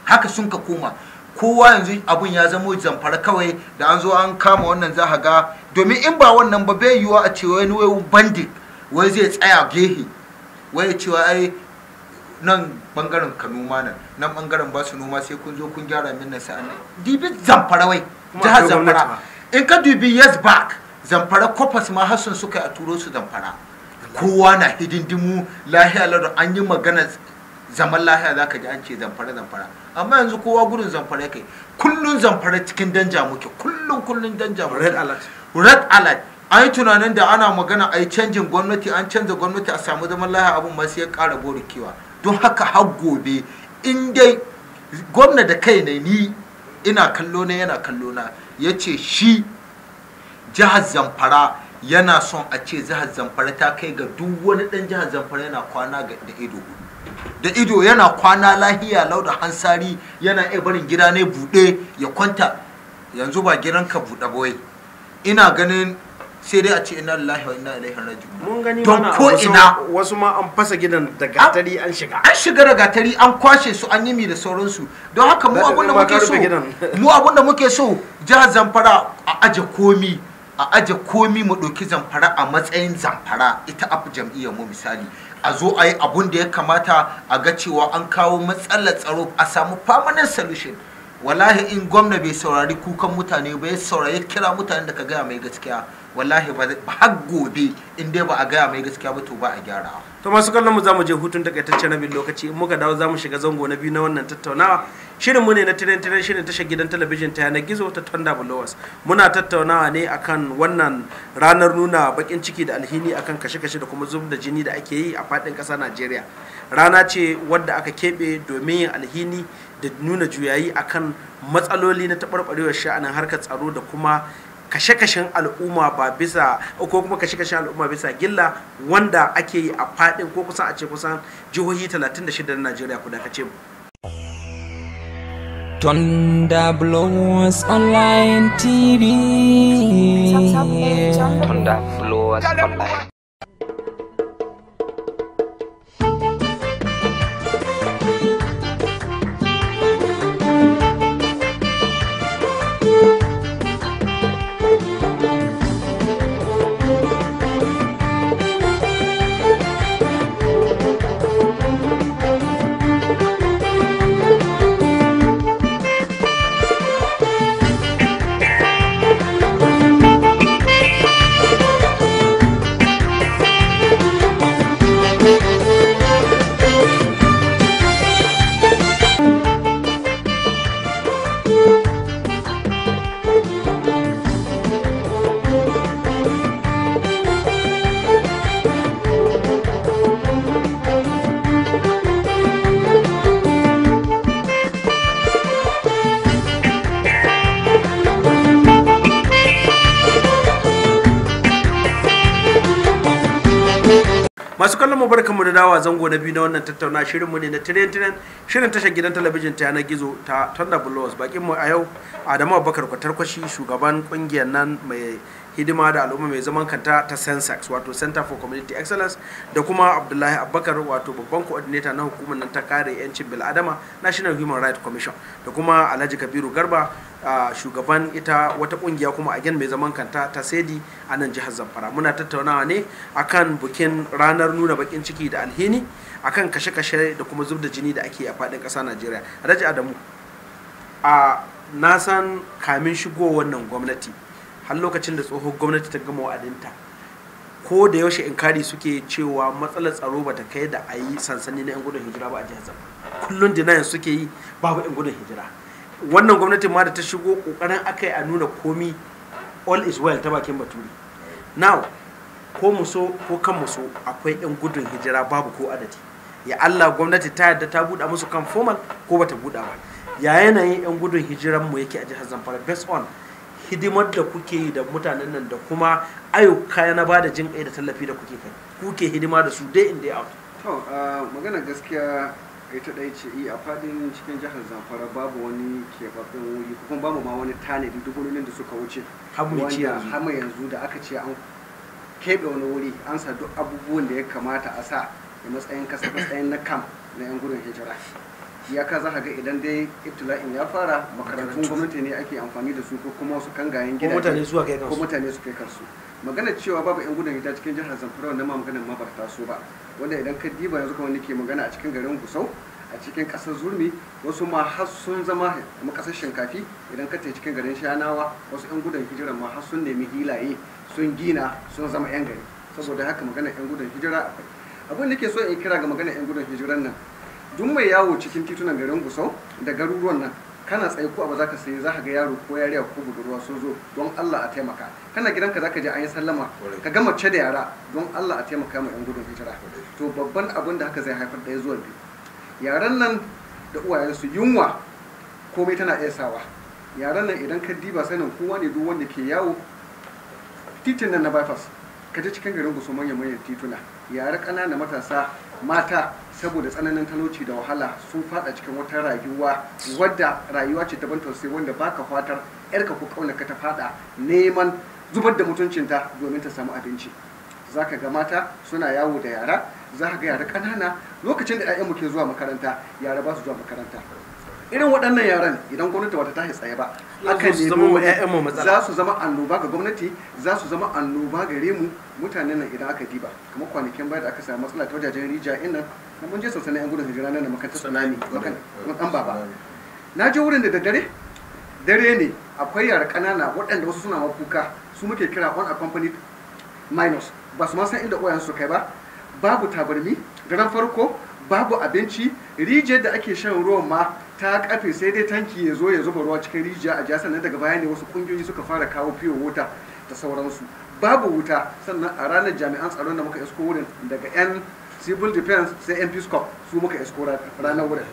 haka sun ka koma kowa yanzu abun ya zamo zamfara kawai da an zo an kama wannan za ga domin in ba wannan ba bai yiwuwa a ce wani wai bandit wai zai tsaya gehe wai cewa ai nan bangaren ka noma nan nan bangaren ba su noma sai kun zo kun gyara min nan sa'an dibi zamfara wai jihar zamfara in ka dubi yes back zamfara kofas ma hassun suka yi a turo su zamfara kowa na hidindimu lahiya lardu an yi magana zaman lahiya za ka ji an ce zamfara zamfara amma yanzu kowa gudun zamfara kai kullun zamfara cikin danja muke kullun kullun danja muke red alert red alert an yi tunanin da ana magana a yi canjin gwamnati an canza gwamnati a samu zaman lahiya abun ma sai ya kara borikewa don haka har gobe in dai gwamna da kai ne ni ina kallo ne yana kallo na ya ce shi jihar zamfara yana son a ce jihar zamfara ta kai ga duk wani ɗan jihar zamfara yana kwana da ido da ido yana kwana lahiya lau da hansari yana iya barin gida ne buɗe ya kwanta yanzu ba gidanka buɗe boye ina ganin sai dai a ce ina lillahi wa ina ilaihi raji'un mun ko ina wasu ma an fasa gidan da gatari an shiga an shiga da gatari an kwashe su an yi mi da sauransu don haka mu abun da muke so mu abun da muke so jihar Zamfara a aje komi a aje komi mu ɗauki Zamfara a matsayin Zamfara ita a jam'iyyar mu misali a zo a yi abun da ya kamata a ga cewa an kawo matsalar tsaro a samu permanent solution wallahi in gwamna bai saurari kukan mutane bai saurari kira mutane da ka gaya mai gaskiya wallahi ba har gobe in dai ba a gaya mai gaskiya ba to ba a gyara to masu kallon mu zamu je hutun takaitaccen rabin lokaci in muka dawo zamu shiga zango na biyu na wannan tattaunawa shirin mu ne na tiren tiren shirin tashar gidan talabijin ta yanar gizo ta Thunder bulowas muna tattaunawa ne akan wannan ranar nuna bakin ciki da alhini akan kashe-kashe da kuma zub da jini da ake yi a fadin kasa Najeriya rana ce wadda aka keɓe domin yin alhini da nuna juyayi akan matsaloli na taɓarɓarewar sha'anin harkar tsaro da kuma kashe-kashen al'umma ba bisa ko kuma kashe-kashen al'umma bisa gilla wanda ake yi a fadin ko kusan a ce kusan jihohi 36 na Najeriya ku dakace mu. tonda blows online TV. tonda blows online. mu barka da dawa zango na biyu na wannan tattauna shirinmu ne na tiren shirin tashar gidan talabijin ta yanar gizo ta Thunder Bulls bakin mu a yau Adamu Abubakar Kwatarkwashi shugaban kungiyar nan mai hidima da al'umma mai zaman kanta ta Sensex wato Center for Community Excellence da kuma Abdullahi Abubakar wato babban coordinator na hukumar nan ta kare 'yancin bil'adama National Human Rights Commission da kuma Alhaji Kabiru Garba shugaban ita wata kungiya kuma a gyan mai zaman kanta ta sedi a nan jihar zamfara muna tattaunawa ne akan bukin ranar nuna bakin ciki da alhini akan kashe-kashe da kuma zub da jini da ake a faɗin ƙasa najeriya raja adamu a na san kamin shigo wannan gwamnati har lokacin da tsohon gwamnati ta gama wa'adinta ko da yaushe in inkari suke cewa matsalar tsaro ba ta kai da a yi sansani na 'yan gudun hijira ba a jihar zamfara kullum dinayen suke yi babu 'yan gudun hijira wannan gwamnati ma da ta shigo kokarin aka yi a nuna komi all is well ta bakin baturi now ko muso so ko kan mu akwai yan gudun hijira babu ko adadi ya Allah gwamnati ta yadda ta buɗa musu kan formal ko bata buɗa ba ya yanayin yan gudun hijiran mu yake a jihar Zamfara based on hidimar da kuke yi da mutanen nan da kuma ayyuka na bada da jin da tallafi da kuke kai kuke hidima da su day in day out to ah, magana gaskiya kai ta ɗaya ce eh, a fadin cikin jihar zamfara babu wani keɓaɓɓen wuri kuma babu ma wani tanadi duk wurin da suka wuce wanda hama yanzu da aka ce an keɓe wani wuri an sa duk abubuwan da ya kamata a sa da matsayin kasa matsayin na kam na yan gudun hijira ya ka za ga idan dai ibtila'in ya fara makarantun gwamnati ne ake amfani da su ko kuma wasu kangayen gida ko mutane su kai kansu magana cewa babu yan gudun hijira cikin jihar zamfara wanda ma maganar ma su so ba wanda idan ka diba yanzu kuma nake magana a cikin garin gusau a cikin kasar zurmi wasu ma har sun zama kasar shinkafi idan ka tafi cikin garin shanawa wasu 'yan gudun hijira ma har sun nemi hilaye sun gina sun zama 'yan gari saboda haka magana 'yan gudun hijira akwai abin da ke so in kira ga magana 'yan gudun hijiran nan duk mai yawo cikin titunan garin gusau da garuruwan nan kana tsaye ko abu zaka sai za ka ga yaro ko yariya ko budurwa sun zo don Allah a taimaka kana gidanka ka je an yi sallama ka ga mace da yara don Allah a taimaka ma yan gudun hijira to babban abin da haka zai haifar da zuwa biyu yaran nan da uwayensu yunwa komai tana iya sawa yaran nan idan ka diba sanin kowa ne duk wanda ke yawo titin nan na bypass ka je cikin garin gusu manya manyan tituna yara ƙanana matasa mata saboda tsananin talauci da wahala sun fada cikin wata rayuwa wadda rayuwa ce daban tausayi wanda baka fatar yarka ko ka ta fada neman zubar da mutuncinta domin ta samu abinci za ka ga mata suna yawo da yara za ka ga yara ƙanana lokacin da 'ya'yanmu ke zuwa makaranta yara ba su zuwa makaranta irin waɗannan yaran idan gwamnati wata ta tsaye ba akan nemo za su zama annoba ga gwamnati za su zama annoba gare mu mutanen nan idan aka diba kamar kwanakin baya da aka samu matsala ta wajajen rijiya. nan na mun je sansanin yan gudun hijira nan da tsunami makan eh. baba na je wurin da daddare dare ne akwai yara ƙanana waɗanda wasu suna mafuka su muke kira on a company minus ba su ma san inda oyan su kai ba babu tabarmi daren farko babu abinci rijiyar da ake shan ruwan ma ta kafe sai dai tanki ya zo ya zuba ruwa cikin rijiya a jasa nan daga baya ne wasu kungiyoyi suka fara kawo fiyo wuta da sauransu babu wuta sannan a ranar jami'an tsaron da muka isko wurin daga 'yan civil defense sai mp scope su muka isko ranar wurin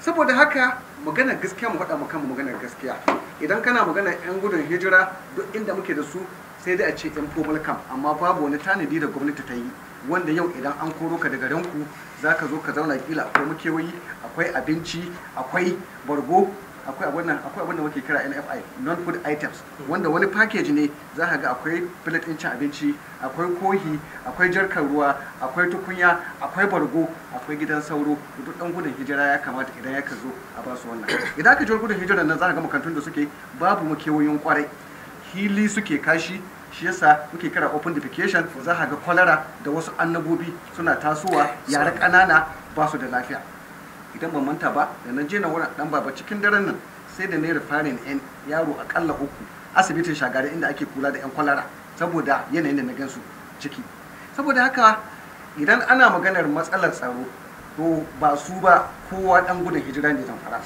saboda haka magana gaskiya mu faɗa mu kan magana gaskiya idan kana magana yan gudun hijira duk inda muke da su sai dai a ce yan formal camp amma babu wani tanadi da gwamnati ta yi wanda yau idan an koro ka daga ranku za ka zo ka zauna kila akwai makewayi akwai abinci akwai bargo akwai abin akwai abin da kira NFI non food items wanda wani package ne za ka ga akwai plate din cin abinci akwai kohi akwai jarkar ruwa akwai tukunya akwai bargo akwai gidan sauro duk dan gudun hijira ya kamata idan ya zo a ba su wannan idan aka ji gudun hijira nan za ka ga makantun da suke babu makewoyin kwarai hili suke kashi shi yasa muke kira open defecation za ka ga kwalara da wasu annabobi suna tasowa yare ƙanana ba su da lafiya idan ba manta ba da na je na wurin dan baba cikin daren nan sai da ne rifarin yan yaro akalla uku asibitin shagari inda ake kula da yan kwalara saboda yanayin da na gansu ciki saboda haka idan ana maganar matsalar tsaro to ba su ba kowa dan gudun hijira ne zamfara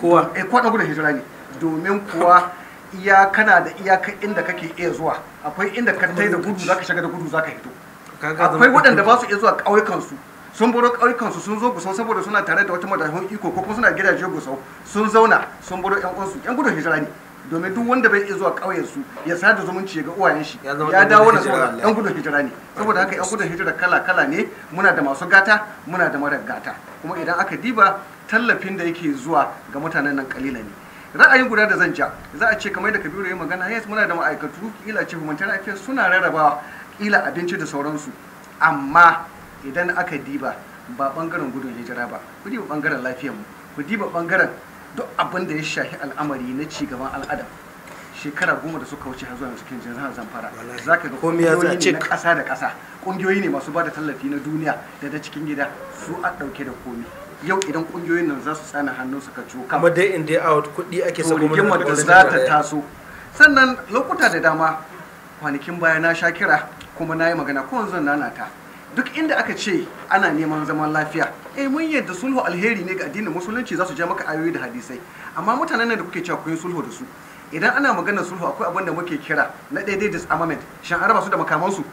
kowa eh kowa dan gudun hijira ne domin kuwa iya kana da iyakar inda kake iya zuwa akwai inda ka tai da gudu zaka shiga da gudu zaka hito akwai waɗanda ba su iya zuwa ƙauyukan su sun baro ƙauyukansu sun zo gusau saboda suna tare da wata madafin iko ko kuma suna gidaje gusau sun zauna sun buru ƴan uwansu ƴan gudun hijira ne domin duk wanda bai iya zuwa su ya sada zumunci ga uwayen shi ya dawo na saboda ƴan gudun hijira ne saboda haka ƴan gudun hijira kala kala ne muna da masu gata muna da mara gata kuma idan aka diba tallafin da yake zuwa ga mutanen nan kalila ne ra'ayin guda da zan ja za a ce kamar da kabiru ya magana yes muna da ma'aikatu kila ce humanitarian affairs suna rarrabawa kila abinci da sauransu amma idan aka diba ba bangaren gudun hijira ba ku diba bangaren lafiyar mu ku diba bangaren duk abin da ya shafi al'amari na ci gaban al'adam shekara goma da suka wuce har zuwa cikin zan zamfara za ka ga kungiyoyi ne na kasa da kasa kungiyoyi ne masu ba tallafi na duniya da ta cikin gida su a ɗauke da komi yau idan ƙungiyoyin nan za su tsana hannun su ka cuka kuma dai in dai out kuɗi ake sa kuma da za ta taso sannan lokuta da dama kwanakin baya na sha kira kuma na yi magana ko zan na ta duk inda aka ce ana neman zaman lafiya eh mun yadda sulhu alheri ne ga addinin musulunci za su je maka ayoyi da hadisai amma mutanen da kuke cewa kun sulhu da su idan ana maganar sulhu akwai abin da muke kira na daidai disarmament shan araba su da makamansu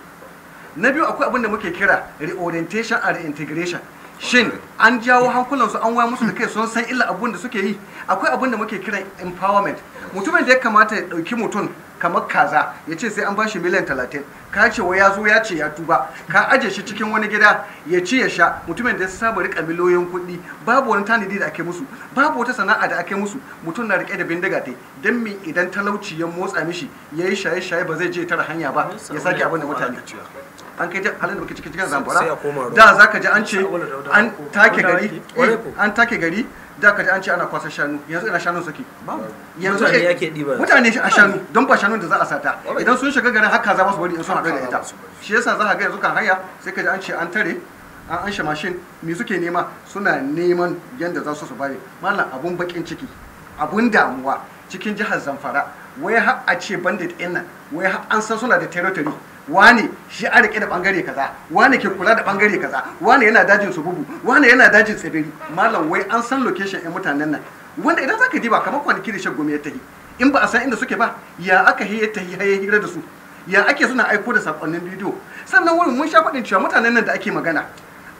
na biyu akwai abin da muke kira reorientation and reintegration shin an jawo hankulansu an waya musu da kai sun san illa abun da suke yi akwai abin da muke kira empowerment mutumin da ya kamata ya ɗauki mutum kamar kaza ya ce sai an bashi miliyan talatin ka ce wa ya zo ya ce ya tuba ka aje shi cikin wani gida ya ci ya sha mutumin da ya saba rika miliyoyin kuɗi babu wani tanadi da ake musu babu wata sana'a da ake musu mutum na rike da bindiga te don me idan talauci ya motsa mishi ya yi shaye shaye ba zai je tara hanya ba ya sake abin da mutane an kai halin da muke cikin cikin zamfara da zaka ji an ce eh, an take gari an take gari da ka ji an ce ana kwasa shanu yanzu ina shanun suke yanzu diba eh, mutane a shanu don ba shanun da za a sata idan sun shiga garin haka za ba su bari in sun haɗu da ita shi yasa za ka ga yanzu kan haya sai kaji an ce an tare an anshe mashin me suke nema suna neman yanda za su su bari mallam abun bakin ciki abun damuwa cikin jihar zamfara wai har a ce bandit ɗin nan wai har an san suna da territory wane shi a rike da bangare kaza wane ke kula da bangare kaza wane yana dajin su bubu wane yana dajin tsibiri malam wai an san location ɗin mutanen nan wanda idan zaka ba kamar kwanaki da shaggumi ya tahi in ba a san inda suke ba ya aka ya tahi ya hira da su ya ake suna aiko da sakonnin bidiyo sannan wurin mun sha faɗin cewa mutanen nan da ake magana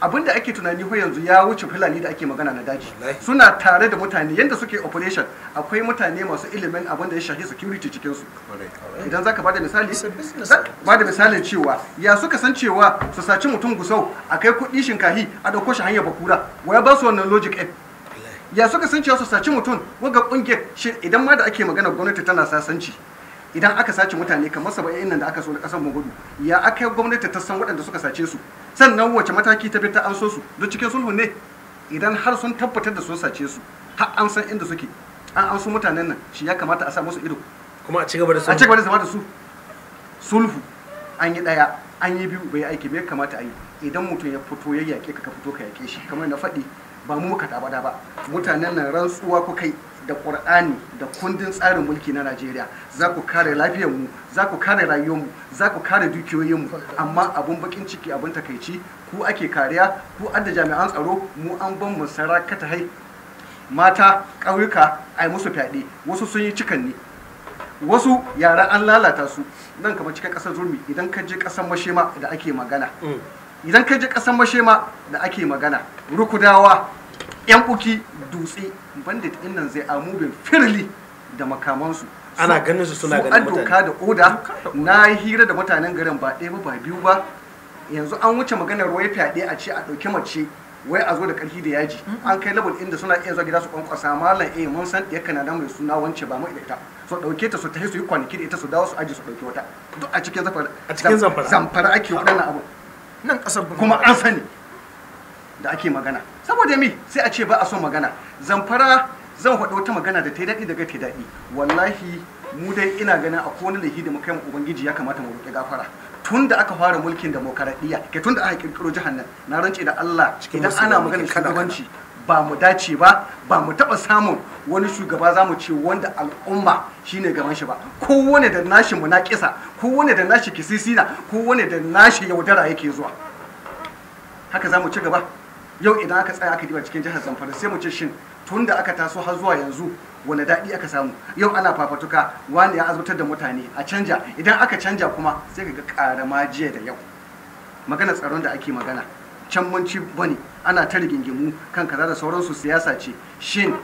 abin da ake tunani ko yanzu ya wuce fulani da ake magana na daji suna tare da mutane yadda suke operation akwai mutane masu ilimin abin da ya shafi security cikin su idan zaka bada misali bada misalin cewa ya suka san cewa su saci mutum gusau a kai kuɗi shinkahi a dauko shi hanyar bakura waya ba su wannan logic app ya suka san cewa su saci mutum waga kungiyar idan ma da ake magana gwamnati tana sasanci idan aka sace mutane kamar saba'in nan da aka so na kasar mugudu ya aka gwamnati ta san waɗanda suka sace su sannan wace mataki ta bi ta an so su duk cikin sulhu ne idan har sun tabbatar da sun sace su har an san inda suke an an su mutanen nan shi ya kamata a sa musu ido kuma a cigaba da su a cigaba da zama da su sulhu an yi daya an yi biyu bai aiki bai kamata a yi idan mutum ya fito ya yaƙe ka ka fito ka yaƙe shi kamar na faɗi ba mu muka da ba mutanen nan rantsuwa ku kai da ƙur'ani da kundin tsarin mulki na najeriya za ku kare lafiyarmu za ku kare rayuwarmu za ku kare dukiyoyinmu amma abun bakin ciki abun takaici ku ake kariya ku an da jami'an tsaro mu an ban mu sarakata hai mata ƙauyuka a yi musu fyaɗe wasu sun yi cikan ne wasu yara an lalata su nan kamar cikin ƙasar zurmi idan ka je ƙasar mm. ƙasar mashema da ake magana rukudawa yan kuki dutse bandit din nan zai amubin firli da makamansu ana ganin su suna ganin mutane doka da oda na hira da mutanen garin ba ɗaya ba biyu ba yanzu an wuce maganar wai fyaɗe a ce a ɗauki mace wai a zo da ƙarfi da yaji an kai labul inda suna iya zuwa gida su kwankwasa malam eh mun san ɗaya kana mai suna wance ba mu ita su ɗauke ta su ta su yi kwanaki da ita su dawo su aji su ɗauki wata duk a cikin zamfara a cikin zamfara zamfara ake wadannan abu nan ƙasar kuma an sani da ake magana saboda mi sai a ce ba a so magana zamfara zan faɗi wata magana da ta yi daɗi daga ta daɗi wallahi mu dai ina ganin a kowane lahi da muka yi ubangiji ya kamata mu roƙi gafara tun da aka fara mulkin demokaradiyya ke tun da aka kirkiro jihar nan na rance da Allah idan ana magana shugabanci ba mu dace ba ba mu taɓa samun wani shugaba za mu ce wanda al'umma shine gaban shi ba kowane da nashi munakisa kowane da nashi kisisina kowane da nashi yaudara yake zuwa haka za mu ci gaba yau idan aka tsaya aka diba cikin jihar zamfara sai mu ce shin tun da aka taso har zuwa yanzu wani daɗi aka samu yau ana fafatuka wani ya azabtar da mutane a canja idan aka canja kuma sai ka ga karama jiya da yau magana tsaron da ake magana can munci bane ana ta rigingimu kan kaza da sauransu siyasa ce shin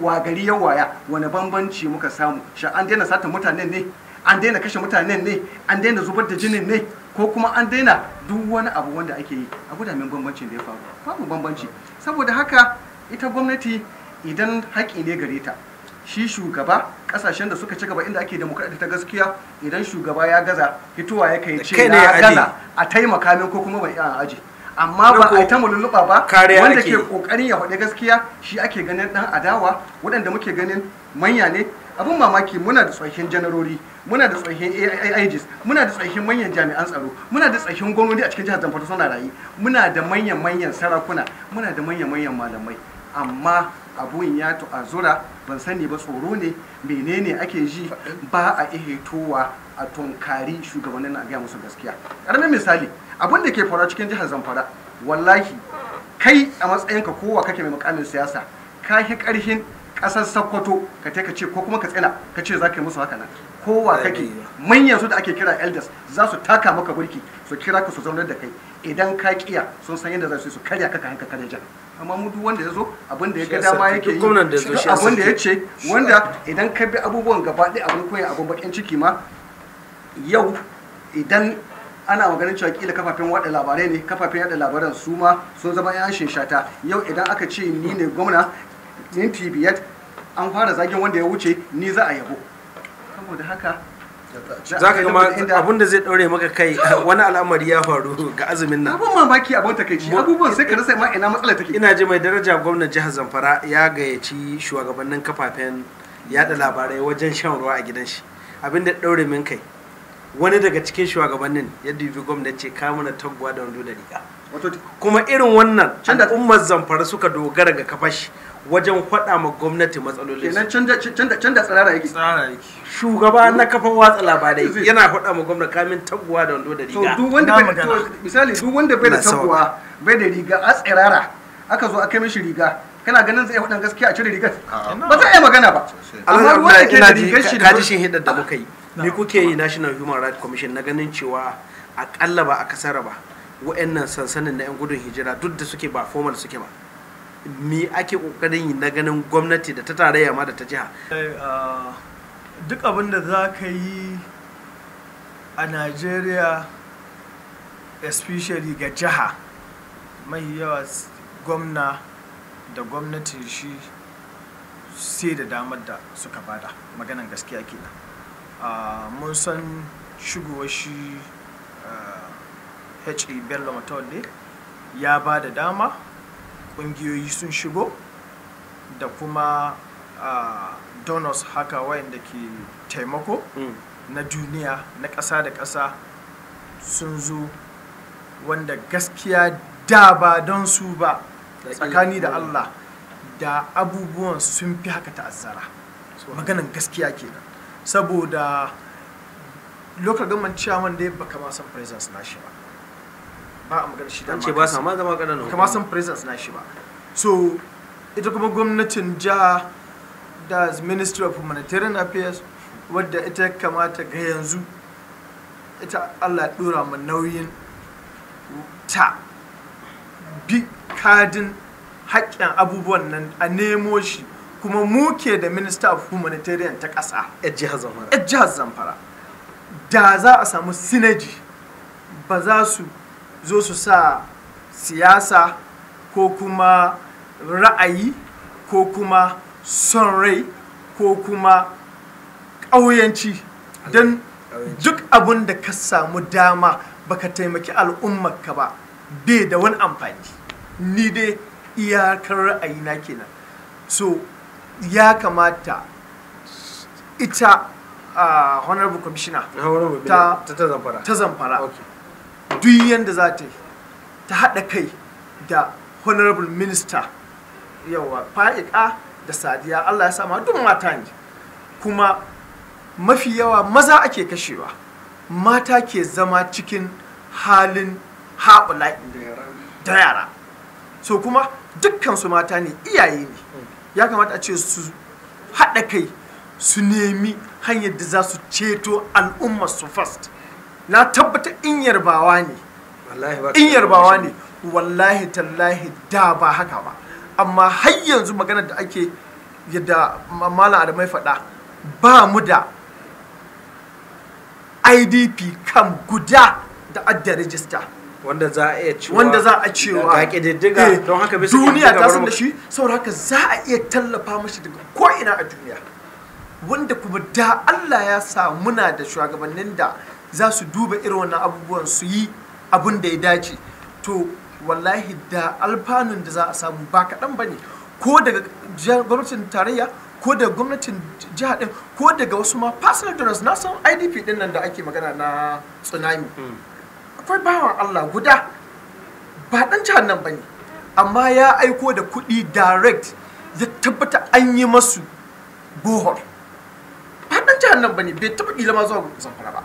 wa gari yau waya wani bambanci muka samu sha an daina sata mutanen ne an daina kashe mutanen ne an daina zubar da jinin ne ko kuma an daina duk wani abu wanda ake yi a gudamin bambancin da ya faru babu bambanci saboda haka ita gwamnati idan haƙƙi ne gare ta shi shugaba kasashen da suka ci gaba inda ake demokradiyya ta gaskiya idan shugaba ya gaza fitowa ya kai ce na gaza a taimaka min ko kuma ban iya aji amma ba a ta mululuba ba wanda ke kokarin ya faɗi gaskiya shi ake ganin dan adawa waɗanda muke ganin manya ne abin mamaki muna da tsohon janarori muna da tsohon aigis muna da tsohon manyan jami'an tsaro muna da tsohon gwamnati a cikin jihar zamfara suna rayu muna da manyan manyan sarakuna muna da manyan manyan malamai amma abun ya azura ban sani ba tsoro ne menene ake ji ba a ihetowa a tunkari shugabannin a gaya musu gaskiya karamin misali abun da ke faruwa cikin jihar zamfara wallahi kai a matsayinka kowa kake mai mukamin siyasa ka hi ƙarfin kasar sakkwato ka te ka ce ko kuma ka tsina ka ce za ka yi musu haka nan kowa kake manyan su da ake kira elders za su taka maka burki su kira ka su zaunar da kai idan ka kiya sun san yadda za su yi su karya ka hanka kare jan amma mu wanda ya zo abin da ya ga dama yake yi abin da ya ce wanda idan ka bi abubuwan gaba ɗaya abin koyi abin bakin ciki ma yau idan ana maganin cewa kila kafafen wada labarai ne kafafen yada labaran su ma sun zama yashin shata yau idan aka ce ni ne gwamna minti biyar an fara zagin wanda ya wuce ni za a yabo saboda haka za ka gama abinda da zai ɗaure maka kai [laughs] wani al'amari ya faru ga azumin nan abin mamaki abin takaici abubuwan sai ka rasa ma ina matsala take ina ji mai daraja gwamnan jihar zamfara ya gayyaci shugabannin kafafen yada labarai wajen shan ruwa a gidan shi abinda daure ɗaure min kai wani daga cikin shugabannin ya dubi gwamnati ce kamuna mana da wando da riga kuma irin wannan al'ummar zamfara suka dogara ga kafashi wajen faɗa ma gwamnati matsaloli su can da tsirara yake shugaba na kafa watsa labarai yana faɗa ma gwamnati kamin tabuwa da wando da riga duk wanda bai misali duk wanda bai da tabuwa bai da riga a tsirara aka zo aka mishi riga kana ganin zai faɗan gaskiya a cire rigar ba za a yi magana ba amma ruwa yake da rigar shi kaji shin hidda da muka yi ni kuke yi national human rights commission na ganin cewa akalla ba a kasara ba wa'annan sansanin na 'yan gudun hijira duk da suke ba formal suke ba me ake kokarin yi na ganin gwamnati da ta tarayya ma da ta jiha eh, duk abin da za ka yi a nigeria especially ga jiha mai yawa gwamna da gwamnati shi sai da damar da suka bada maganan gaskiya kenan ah, mun san shigowar shi he bello matawalle ya ba da dama ƙungiyoyi sun shigo da kuma uh, donors haka wayanda ke taimako mm. na duniya na ƙasa da ƙasa sun zo wanda gaskiya da ba don su ba tsakani da Allah da abubuwan sun fi haka ta'azzara maganin gaskiya kenan saboda local government chairman dai baka ma san presence shi ba ba a ce ba zama kuma san presence na shi ba so ita kuma gwamnatin jiha da ministry of humanitarian affairs wadda ita kamata ga yanzu ita allah ya dora mu nauyin ta bi kadin haƙƙin abubuwan nan a nemo shi kuma mu ke da minister of humanitarian ta ƙasa yan jihar zamfara da za a samu sinaji ba za su zo su sa siyasa ko kuma ra'ayi ko kuma son rai ko kuma ƙauyanci don duk abin da ka samu dama baka taimaki al'ummarka ba bai da wani amfani ni dai iyakar ra'ayi na kenan so ya kamata ita a ah, honorable commissioner ta, ta duk yadda za ta yi ta haɗa kai da honorable minister yawa fa'iƙa da sadiya allah ya sama duk mata ne kuma mafi yawa maza ake kashewa mata ke zama cikin halin haɓula da yara so kuma dukkansu mata ne iyaye ne ya kamata a ce su haɗa kai su nemi hanyar da za su ceto al'ummar su first na tabbata in yarbawa ne in yarbawa ne wallahi tallahi da ba haka ba amma har yanzu maganar da ake yadda malam adamai faɗa ba mu da idp kan guda da adda rajista wanda za a iya cewa wanda za a cewa ga kididdiga eh, don haka bisa duniya ta san da shi saboda haka za a iya tallafa mashi daga ko ina a duniya wanda kuma da Allah ya sa muna da shugabannin da za su duba irin wannan abubuwan su yi abin da ya dace to wallahi da alfanun da za a samu ba kaɗan ba ne ko daga gwamnatin tarayya ko daga gwamnatin jiha ɗin ko daga wasu ma personal donors na san idp ɗin nan da ake magana na tsunami akwai bawan allah guda ba ɗan jihar nan ba ne amma ya aiko da kuɗi direct ya tabbata an yi masu bohol ba ɗan jihar nan ba ne bai taɓa ƙila ma zuwa zamfara ba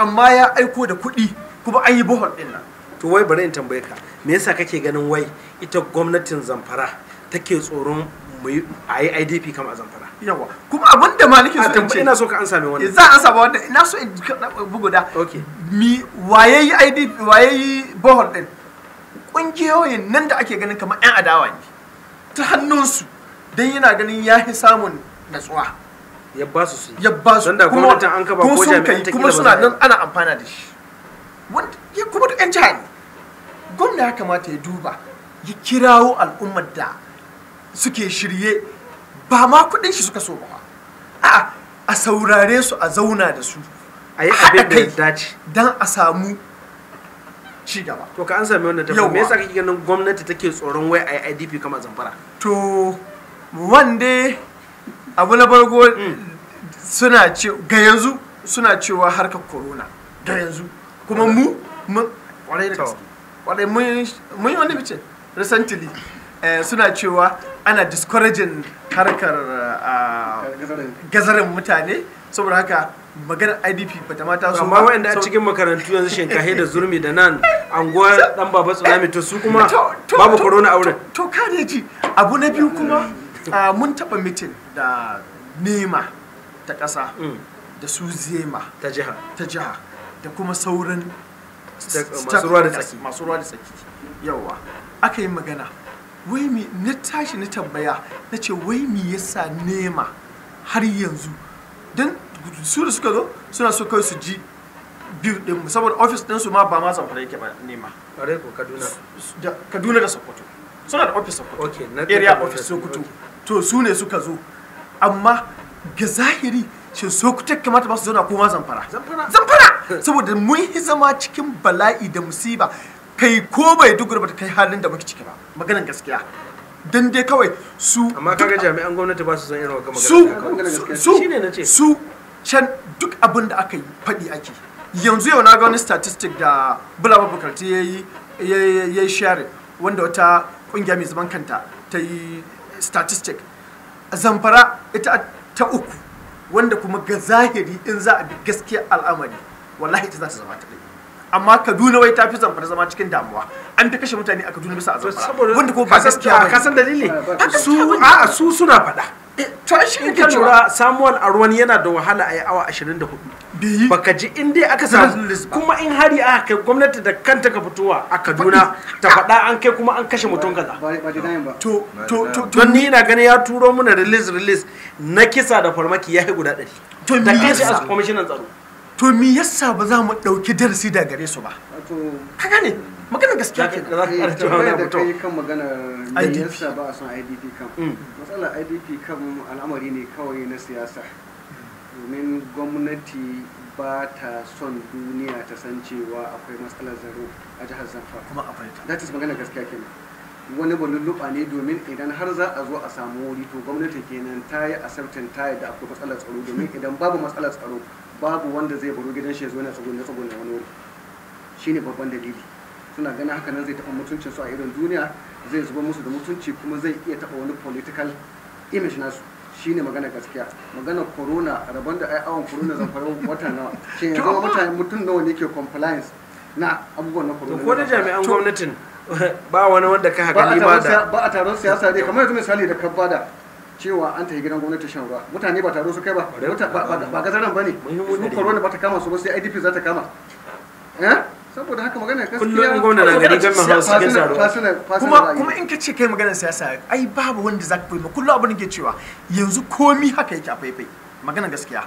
amma ya aiko da kuɗi kuma an yi buhol ɗin nan to wai bari in tambaye ka me yasa kake ganin wai ita gwamnatin zamfara take tsoron a yi idp kama a zamfara yawa kuma abin da ma nake so in ce ina so ka ansa mai wannan eh, za ansa ba wannan ina so in bugu da okay mi waye yi idp waye yi buhol ɗin kungiyoyin nan da ake ganin kamar yan adawa ne ta hannunsu don yana ganin ya fi samun natsuwa ya ba su su ya ba su kuma an kaba ko jami'an kuma suna nan ana amfana da shi wanda kuma duk yan jiha gwamna ya kamata ya duba ya kirawo al'ummar da suke shirye ba ma kuɗin shi suka so ba a'a a saurare su a zauna da su a yi abin da ya dace don a samu ci gaba to ka an sami wannan tafiya me yasa kake ganin gwamnati take tsoron wai idp kama zamfara to wanda abu na farko mm. suna ce ga yanzu suna cewa harkar corona ga yanzu kuma mu mun kwarai da kwarai mun yi wani bice recently eh, suna cewa ana discouraging harkar ah, gazarin mutane saboda haka maganar idp ba ta mata su amma wanda a cikin makarantu yanzu shinkahe da zurmi da nan anguwar dan baba tsunami to su kuma babu corona auren to ka ji abu na biyu kuma Ah, mun taɓa mitin da nema ta ƙasa mm. da su zema ta jiha ta jiha da kuma sauran masu ruwa da tsaki yawa aka yi magana wai mi na tashi na tambaya na ce wai mi yasa nema har yanzu don su da suka zo suna so kai su ji biyu din saboda ofis din su ma ba ma zamfara yake ba nema kaduna kaduna da sokoto suna da ofis sokoto area office sokoto to su ne suka zo amma ga zahiri shi so ku take kamata ba su zauna koma zamfara zamfara saboda mun yi zama cikin bala'i da musiba kai ko bai ba ta kai halin da muke ciki ba maganar gaskiya dan dai kawai su amma kaga jami'an gwamnati ba su san irin wannan su su su can duk abin da aka yi faɗi ake yanzu yau na ga wani statistic da bulaba bukarti ya yi ya wanda wata kungiya mai zaman kanta ta yi statistic zamfara ita ta uku wanda kuma ga zahiri in za a bi gaskiya al'amari wallahi ita za ta zama ta ɗaya amma kaduna wai ta fi zamfara zama cikin damuwa an ta kashe mutane a kaduna bisa a zamfara wanda kuma ba gaskiya ba kasan dalili su su suna faɗa in ka lura samuwan a ruwan yana da wahala a yi awa 24 baka ji in dai aka samu kuma in hari aka kai gwamnati da kanta ka fitowa a kaduna ta faɗa an kai kuma an kashe mutum kaza to ni na gani ya turo mana release release na kisa da farmaki ya yi guda ɗari da kai a kwamishinan tsaro to me yasa ba za mu ɗauki darasi da gare su ba ka gane magana gaskiya ke da za ka eh, cewa wani abu to kan magana yasa ba a son IDP kan mm. matsala IDP kan al'amari ne kawai na siyasa domin gwamnati ba ta son duniya ta san cewa akwai matsalar zaro a jihar Zamfara kuma a ta that is magana gaskiya kenan wani balulluɓa ne domin idan har za a zo a samu wuri to gwamnati kenan ta yi asabtin ta yi da akwai matsalar tsaro domin idan babu matsalar tsaro babu wanda zai baro gidan shi ya zo na tsaro na tsaro na wani wuri shine babban dalili suna ganin haka nan zai taɓa mutuncin su a irin duniya zai zuba musu da mutunci kuma zai iya taɓa wani political image nasu shine magana gaskiya magana corona rabon da ai awon corona zan fara wata nawa shi yanzu mutane mutum nawa ne ke compliance na abubuwan na corona ko da jami'an gwamnatin [laughs] ba wani wanda ka haka ba da ba a taron siyasa ne kamar yanzu misali da bada cewa an tafi gidan gwamnati shan ruwa mutane ba taro su kai ba ba gazaran ba ne corona ba ta kama su ba sai idp za ta kama eh saboda haka maganar gaskiya kullum gwamna na gari jami'an hausa cikin saruwa kuma kuma in ka ce kai maganar siyasa ai babu wanda zaka ka fahimta kullum abin da ke cewa yanzu komi haka yake a faifai magana gaskiya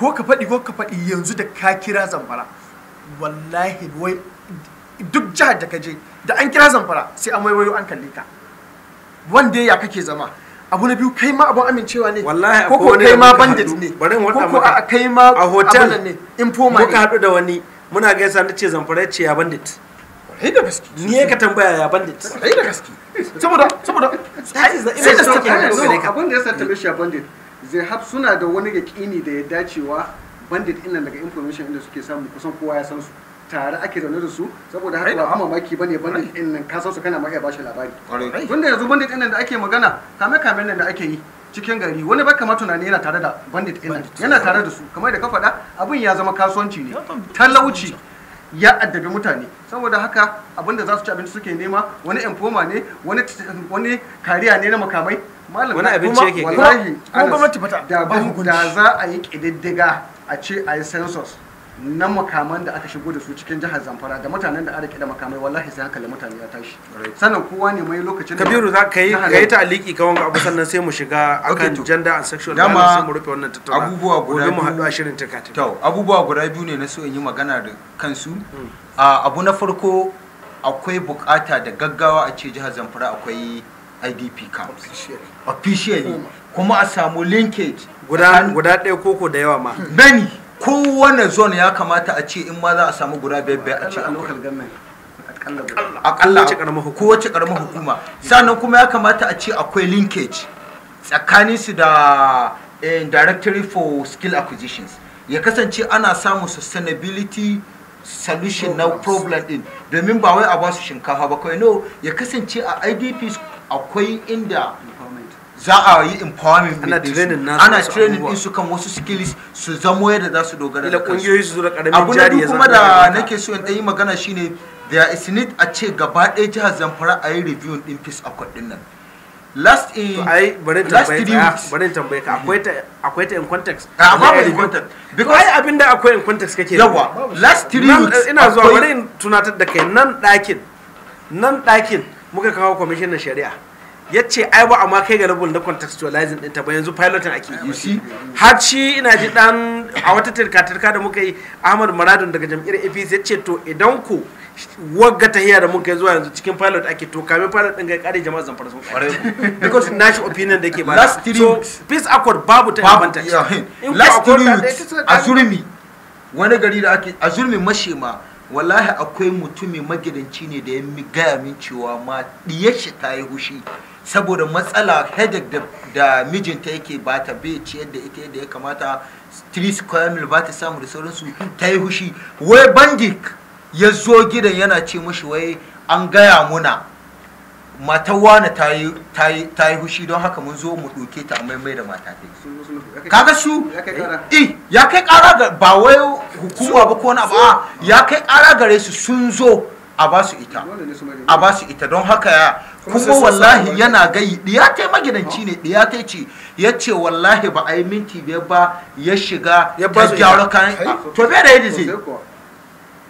ko ka faɗi ko ka faɗi yanzu da ka kira zamfara wallahi wai duk jihar da ka je da an kira zamfara sai an waiwayo an kalli ka wanda ya kake zama abu na biyu kai ma abun amincewa ne wallahi ko kai ma bandit ne ko ko a kai ma a hotel ne informa ne muka haɗu da wani muna gaisa na ce zamfara ce ya bandit ni da ka tambaya ya bandit. Saboda saboda sai da sai abin da ya sa tambaye shi ya bandit zai hab suna da wani yaƙini da ya dacewa bandit ina daga information inda suke samu kusan kowa ya san su tare ake zaune da su saboda haka ba mamaki bane bandit din nan ka san su kana ma iya bashi labari tunda yanzu bandit din nan da ake magana kame kame nan da ake yi cikin gari wani ba ma tunani yana tare da bandit ɗin yana tare da su kamar da ka faɗa abin ya zama kasuwanci ne talauci ya addabi mutane saboda haka abinda za su ci abinci suke nema wani informa ne wani kariya ne na makamai malam wani abinci yake wallahi da za a yi kididdiga a ce a yi census na makaman da aka shigo da su cikin jihar zamfara da mutanen da arike da makamai wallahi sai hankali mutane ya tashi sannan kowa ne mai lokacin da kabiru za ka yi ka yi ta'aliki ka wanga abu sannan sai mu shiga [coughs] akan gender and sexual violence sai mu rufe wannan tattauna abubuwa guda biyu mu haɗu a shirin tikati to abubuwa guda biyu ne na so in yi magana da kansu hmm. abu na farko akwai bukata da gaggawa a ce jihar zamfara akwai idp camp officially kuma a samu linkage guda guda ɗaya koko da yawa ma bani kowane zone ya kamata a ce in ma za a samu guda biyar biyar a ce a akalla kowace karamar hukuma sannan kuma ya kamata a ce akwai linkage tsakanin su da eh, directory for skill acquisitions ya kasance ana samun sustainability solution na problem din domin ba wai a basu shinkafa ba kawai no ya kasance a idps akwai inda za a yi empowerment ana training nasu ana training din su kan wasu skills su zamo yadda za su dogara da kungiyoyi su zura karamin jari ya kuma da nake so in yi magana shine there is need a ce gaba ɗaya jihar Zamfara a yi review din peace accord din nan last in to bare bari bai ka bari bai ka akwai ta akwai ta in context amma ba in context because ai abinda akwai in context kake yawa last three weeks ina zuwa bare in tunatar da kai nan ɗakin nan ɗakin muka kawo commission na shari'a yace ce ai ba amma kai ga level na contextualizing ta ba yanzu piloting ake yi shi har shi ina ji dan a wata tirka-tirka da muka yi ahmad maradun daga jam'iyyar apc ya ce to idan ku wagga tahiya da muka yi zuwa yanzu cikin pilot ake to kame pilot din ga kare jama'a zamfara sun kare because shi opinion da ke ba so peace accord babu ta banta last three a zurmi wani gari da ake a zurmi mashema wallahi akwai mutumi magidanci ne da ya gaya min cewa ma diyar shi ta yi hushi saboda matsala headache da mijinta yake ba ta bai ciyar da ita yadda ya kamata 3 square mil ba ta samu da sauransu ta yi hushi wai bandik ya zo gidan yana ce mashi wai an gaya muna matar wane ta yi hushi don haka mun zo mu ɗauke ta mai da mata ta kaga su eh, ya kai ƙara ga ba wai hukuma ba ko na ba ya kai ƙara gare su sun zo a ba su ita a ba su ita don haka ya kuma wallahi yana gayi diya ta magidanci ne diya ta ce ya ce wallahi ba a yi minti biyar ba ya shiga ya gyara kayan to bai da yadda zai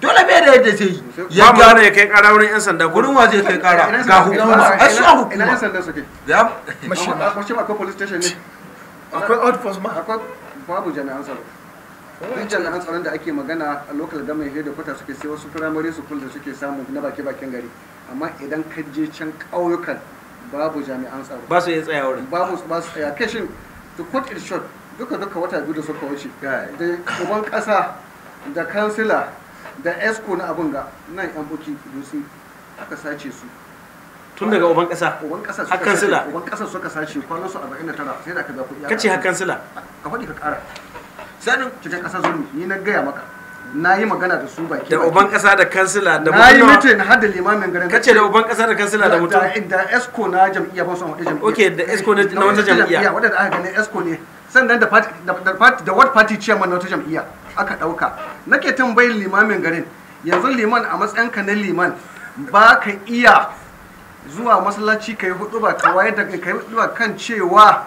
dole bai da yadda zai yi ya gyara ya kai kara wurin yan sanda gurin wa zai kai kara ga hukuma a suna hukuma ina yan sanda suke ya mashi akwai police station ne akwai outpost ma akwai babu jami'an tsaro hujjar na tsaron da ake magana a local government head kwata suke sai wasu primary school da suke samu na baki bakin gari amma idan ka je can ƙauyukan babu jami'an tsaro ba su yi tsaya wurin su ba su tsaya kashin to court it short duka duka wata biyu da suka wuce da uban kasa da kansila da esco na abun ga nan yan buki dusi aka sace su tun daga uban kasa uban kasa suka sace uban kasa suka sace kwanan su 49 sai da ka ga kuɗi kace hakan sila ka faɗi ka ƙara sanin cutar kasa zulmi ni na gaya maka na yi magana da su baki da uban kasa da kansila da mutum na yi mitin har da limamin garin kace da uban kasa da kansila da mutum da esco na jam'iyya ba su wata jam'iyya okay da esco na wata jam'iyya wadda aka gani esco ne sannan da party da party da what party chairman na wata jam'iyya aka dauka nake tambayin limamin garin yanzu liman a matsayinka na liman ba ka iya zuwa masallaci ka yi hudu ba ka wayar da kai hudu ba kan cewa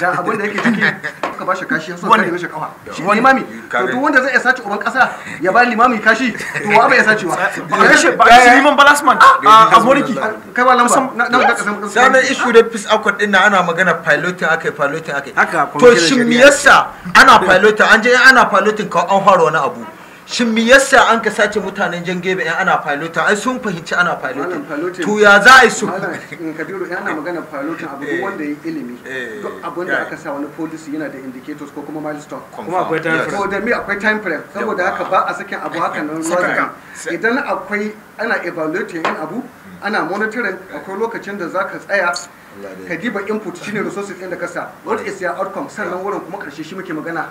ga abin da yake ciki [laughs] ka bashi kashi kafa shi limami to duk wanda zai iya sace uban kasa ya ba limami kashi to wa bai sace ba ba shi ba shi liman balasman ah, ah, a moriki kai ba lamba na da kasan kasa sai na issue da peace accord din ana magana piloting akai piloting akai to shin me yasa ana piloting an je ana piloting ka an fara wani abu shin me yasa an ka sace mutanen jangebe in ana pilota ai sun fahimci ana pilota to ya za a yi su in kabiru yana magana pilota abu duk wanda ya ilimi eh, duk abin da aka sa wani policy yana da indicators ko kuma milestone kuma akwai time frame ko da me akwai time frame saboda haka ba a sakin abu haka nan ruwan idan akwai ana evaluating in abu hmm. ana monitoring akwai lokacin da zaka tsaya ka diba input shine resources din da ka sa what is your outcome sannan wurin kuma karshe shi muke magana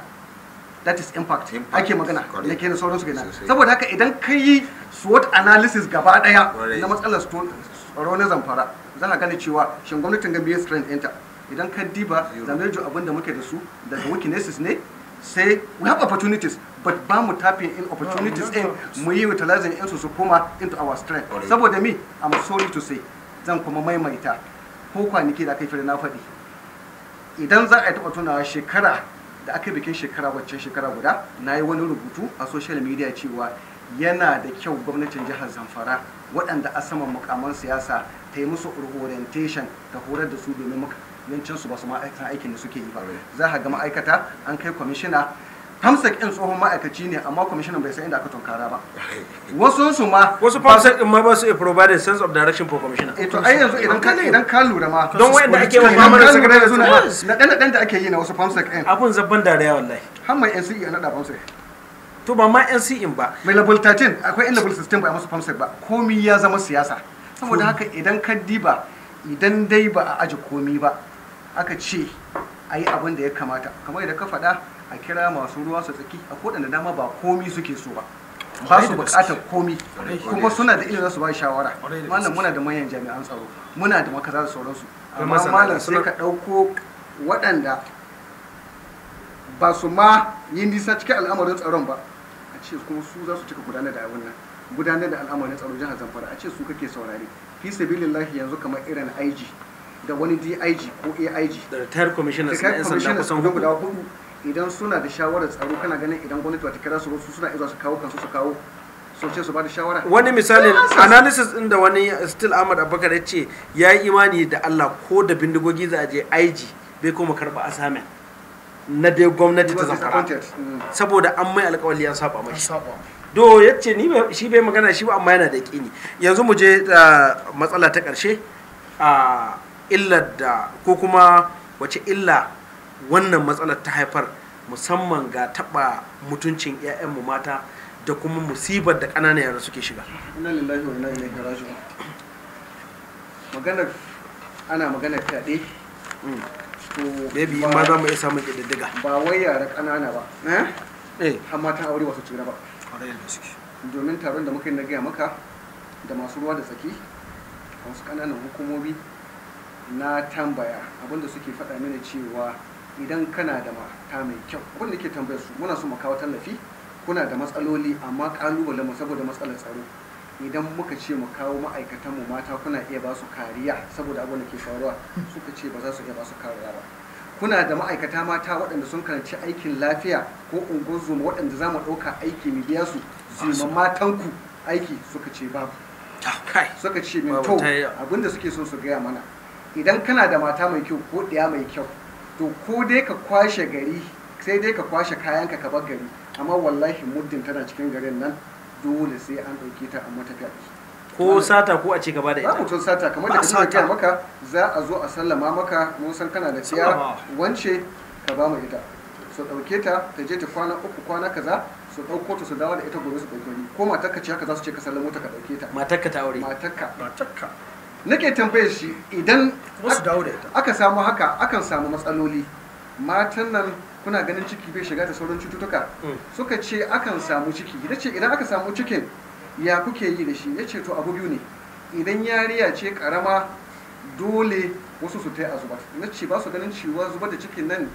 that is impact ake magana da ke sauran su kenan saboda haka idan ka yi SWOT analysis gaba daya na matsalar tsaro zamfara za ka gane cewa shin gwamnatin gambiya strength enter idan ka diba zamejo abin da muke da su daga weaknesses ne sai we have opportunities but ba mu in opportunities din mu yi utilizing in su su koma into our strength saboda mi i'm sorry to say zan kuma maimaita ko kwanaki da aka yi na faɗi idan za a yi taɓa tunawa shekara da aka bikin shekara waccan shekara guda na yi wani rubutu a social media cewa yana da kyau gwamnatin jihar zamfara waɗanda a saman mukaman siyasa ta yi musu orientation ta horar da su domin muka yancinsu ba su ma'aikatan aikin da suke yi ba za a ga ma'aikata an kai kwamishina hamsak ɗin tsohon ma'aikaci ne amma kwamishinan bai san inda aka tunkara ba [laughs] wasu su ma wasu hamsak ɗin ma ba su provide sense of direction for commissioner eh to ai yanzu idan ka idan ka lura ma don wanda ake wa mamalar da suna na dan da ake yi na wasu hamsak ɗin abun zabban dariya wallahi har mai NCE a naɗa hamsak to ba ma NCE ba mai level 13 akwai in level 16 ba a musu hamsak ba komi ya zama siyasa saboda haka idan ka diba idan dai ba a aji komi ba aka ce a yi abin da ya kamata kamar yadda ka faɗa a kira masu ruwa su tsaki a da dama ba komi suke so ba ba su bukatar komi kuma suna da ilimin su ba shawara malam muna da manyan jami'an tsaro muna da makaza da sauransu amma malam sai ka ɗauko waɗanda ba su ma yin nisa cikin al'amarin tsaron ba a ce kuma su za su cika gudanar da abin nan gudanar da al'amarin tsaro jihar zamfara a ce su kake saurare fi sabilillahi yanzu kamar irin aiji da wani DIG ko AIG da retired commissioners na 'yan sanda kusan hudu idan suna da shawarar tsaro kana ganin idan gwamnati wata kira su wasu suna izuwa su kawo kansu su kawo soce su ba da shawara wani misali analysis din da wani still ahmad abubakar ya ce ya yi imani da allah ko da bindigogi za a je aiji bai kuma karba assignment na dai gwamnati ta zafara mm. saboda an mai alkawali ya saba mai do ya ce shi bai magana shi ba amma yana da kini yanzu mu je matsala ta karshe a illar da ko kuma wace illa wannan matsalar ta haifar musamman ga taɓa mutuncin 'ya'yanmu mata da kuma musibar da ƙananan yara suke shiga maganar ana maganar fyaɗe mm. baby ma za mu iya samun ƙididdiga ba wai yara ƙanana ba eh, eh. amma ta aure wasu cira ba domin taron da muka yi na gaya maka da masu ruwa da tsaki a wasu ƙananan hukumomi na tambaya abinda suke faɗa mini cewa idan kana da mata mai kyau kun da ke tambayar su muna su makawa kawo tallafi kuna da matsaloli amma kalubalen mu saboda matsalar tsaro idan muka ce mu kawo ma'aikatan mu mata kuna iya ba su kariya saboda abin da ke faruwa suka ce ba za su iya ba su kariya ba kuna da ma'aikata mata waɗanda sun karanci aikin lafiya ko unguwar waɗanda za mu ɗauka aiki mu biya su su matanku aiki suka ce ku. suka ce min to abinda suke so su gaya mana idan kana da mata mai kyau ko ɗaya mai kyau to ko dai ka kwashe gari sai dai ka kwashe kayanka ka bar gari amma wallahi muddin tana cikin garin nan dole sai an dauke ta a mata fyaɗe ko sata ko a ce gaba da ita mutum sata kamar da kake ta maka za a zo a sallama maka mun san kana da ciya wance ka ba mu ita su ɗauke ta ta je ta kwana uku kwana kaza su ɗauko ta su dawo da ita gobe su ɗauki ko matarka ce haka za su ce ka sallamo ta ka ɗauke ta matarka ta aure matarka matarka nake tambayar shi idan aka samu haka akan samu matsaloli matan nan kuna ganin ciki bai shiga da sauran cututtuka mm. suka ce akan samu ciki ita ce idan aka samu cikin ya kuke yi da shi ya ce to abu biyu ne idan yariya ce karama dole wasu su ta yi a zubar na ce ba su ganin cewa zubar da cikin nan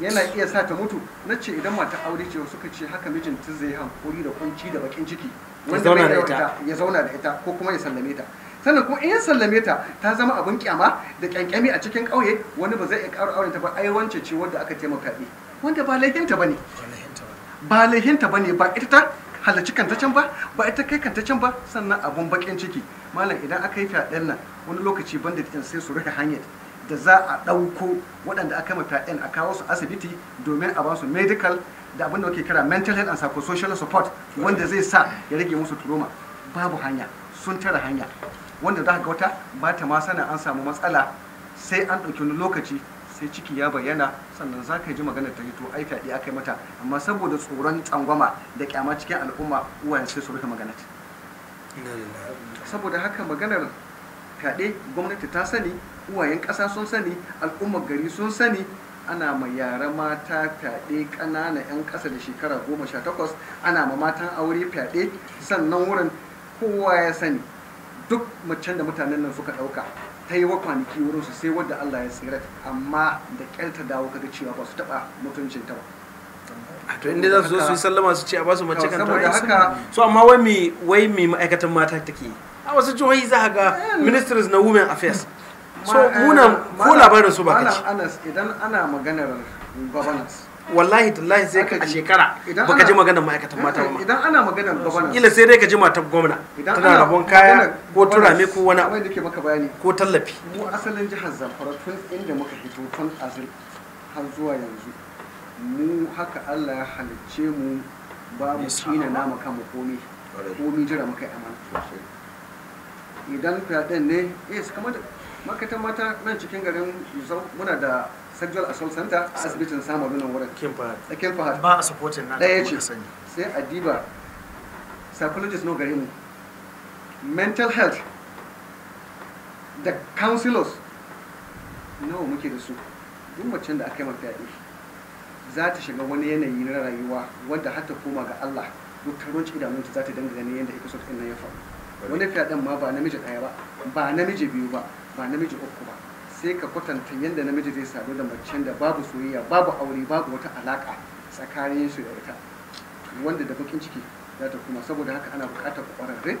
yana iya sa ta mutu na ce idan mata aure ce suka ce haka mijin mijinta zai hankuri da kunci da bakin ciki wanda ya zauna da ita ko kuma ya sallame ta sannan kuma in sallame ta ta zama abin kyama da kyankyami a cikin ƙauye wani ba zai iya ƙara aure ta ba ai wance ce wanda aka taimaka ɗi wanda ba laihinta bane ba laihinta bane ba ita ta halarci kanta can ba ba ita kai kanta can ba sannan abun bakin ciki malam idan aka yi fyaɗen nan wani lokaci banda titin sai su rufe hanyar da za a ɗauko waɗanda aka mata ɗin a kawo su asibiti domin a ba su medical da abin da ake kira mental health and psychosocial support wanda zai sa ya rage musu turoma babu hanya sun tara hanya wanda za ga wata ba ma sana an samu matsala sai an ɗauki wani lokaci sai ciki ya bayyana sannan za ka ji magana ta hito ai fyaɗe aka mata amma saboda tsoron tsangwama da kyama cikin al'umma uwayen sai su rufe magana saboda haka maganar fyaɗe gwamnati ta sani uwayen ƙasa sun sani al'ummar gari sun sani ana ma yara mata fyaɗe ƙanana 'yan ƙasa da shekara goma sha takwas ana ma matan aure fyaɗe sannan wurin kowa ya sani duk macen da mutanen nan suka ɗauka ta yi wa kwanaki wurin su sai wadda Allah ya tsira amma da ƙyar ta dawo kaga cewa ba su taɓa mutuncin ta ba to inda za su zo su yi sallama su ce a ba su mace kan ta haka so amma wai mi wai mi ma'aikatan mata take a wasu jihohi za ga eh, ministers na women affairs so muna eh, ko labarin su ba kace Anas idan ana maganar governance wallahi tallahi sai ka shekara baka ji magana ma'aikatan mata ba idan ana magana gwamna ila sai dai ka ji matar gwamna tana rabon kaya ko turame ko wani abu da maka bayani ko tallafi mu asalin jihar Zamfara tun inda muka fito tun azir har zuwa yanzu mu haka Allah ya halicce mu ba mu tsina nama kanmu komi komi jira muka yi amana idan fyaɗen ne eh kamar makatan mata nan cikin garin muna da sexual assault center a asibitin samun nunan wurin kin fahad ba a supportin na da ɗaya ce sai a diba psychologist no gare mu mental health da counselors nawa muke da su duk macen da aka yi fyaɗe za ta shiga wani yanayi na rayuwa wadda har ta koma ga Allah duk tarwanci idanunta za ta danga ganin yadda episode ɗin nan ya faru wani fyaɗen ma ba namiji ɗaya ba ba namiji biyu ba ba namiji uku ba sai ka kwatanta yadda namiji zai sadu da macen da babu soyayya babu aure babu wata alaka tsakanin su da wata wanda da bakin ciki za ta kuma saboda haka ana buƙatar ƙwararre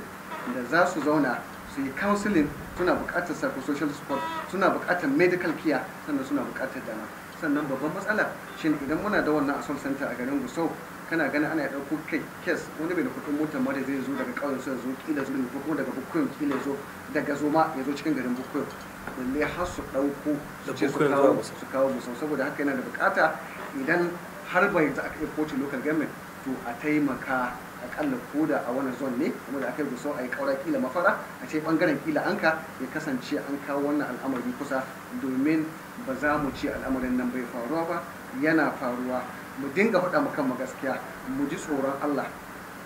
da za su zauna su yi counseling suna buƙatar psychosocial support suna buƙatar medical care sannan suna buƙatar dama sannan babban matsala shin idan muna da wannan assault center a garin gusau kana gani ana ɗauko kes wani bai da kuɗin motar mara zai zo daga ƙauyen su ya zo kila zo daga bukkoyin kila zo daga zoma ya zo cikin garin bukkoyin balle har su ɗauko su kawo musu saboda haka yana da bukata idan har bai za a kai kotu local government to a taimaka akalla ko da a wani zon ne kuma da aka gusau a yi ƙaura kila mafara a ce ɓangaren kila anka ya kasance an kawo wannan al'amari kusa domin ba za mu ci al'amarin nan bai faruwa ba yana faruwa mu dinga faɗa mu kan gaskiya mu ji tsoron Allah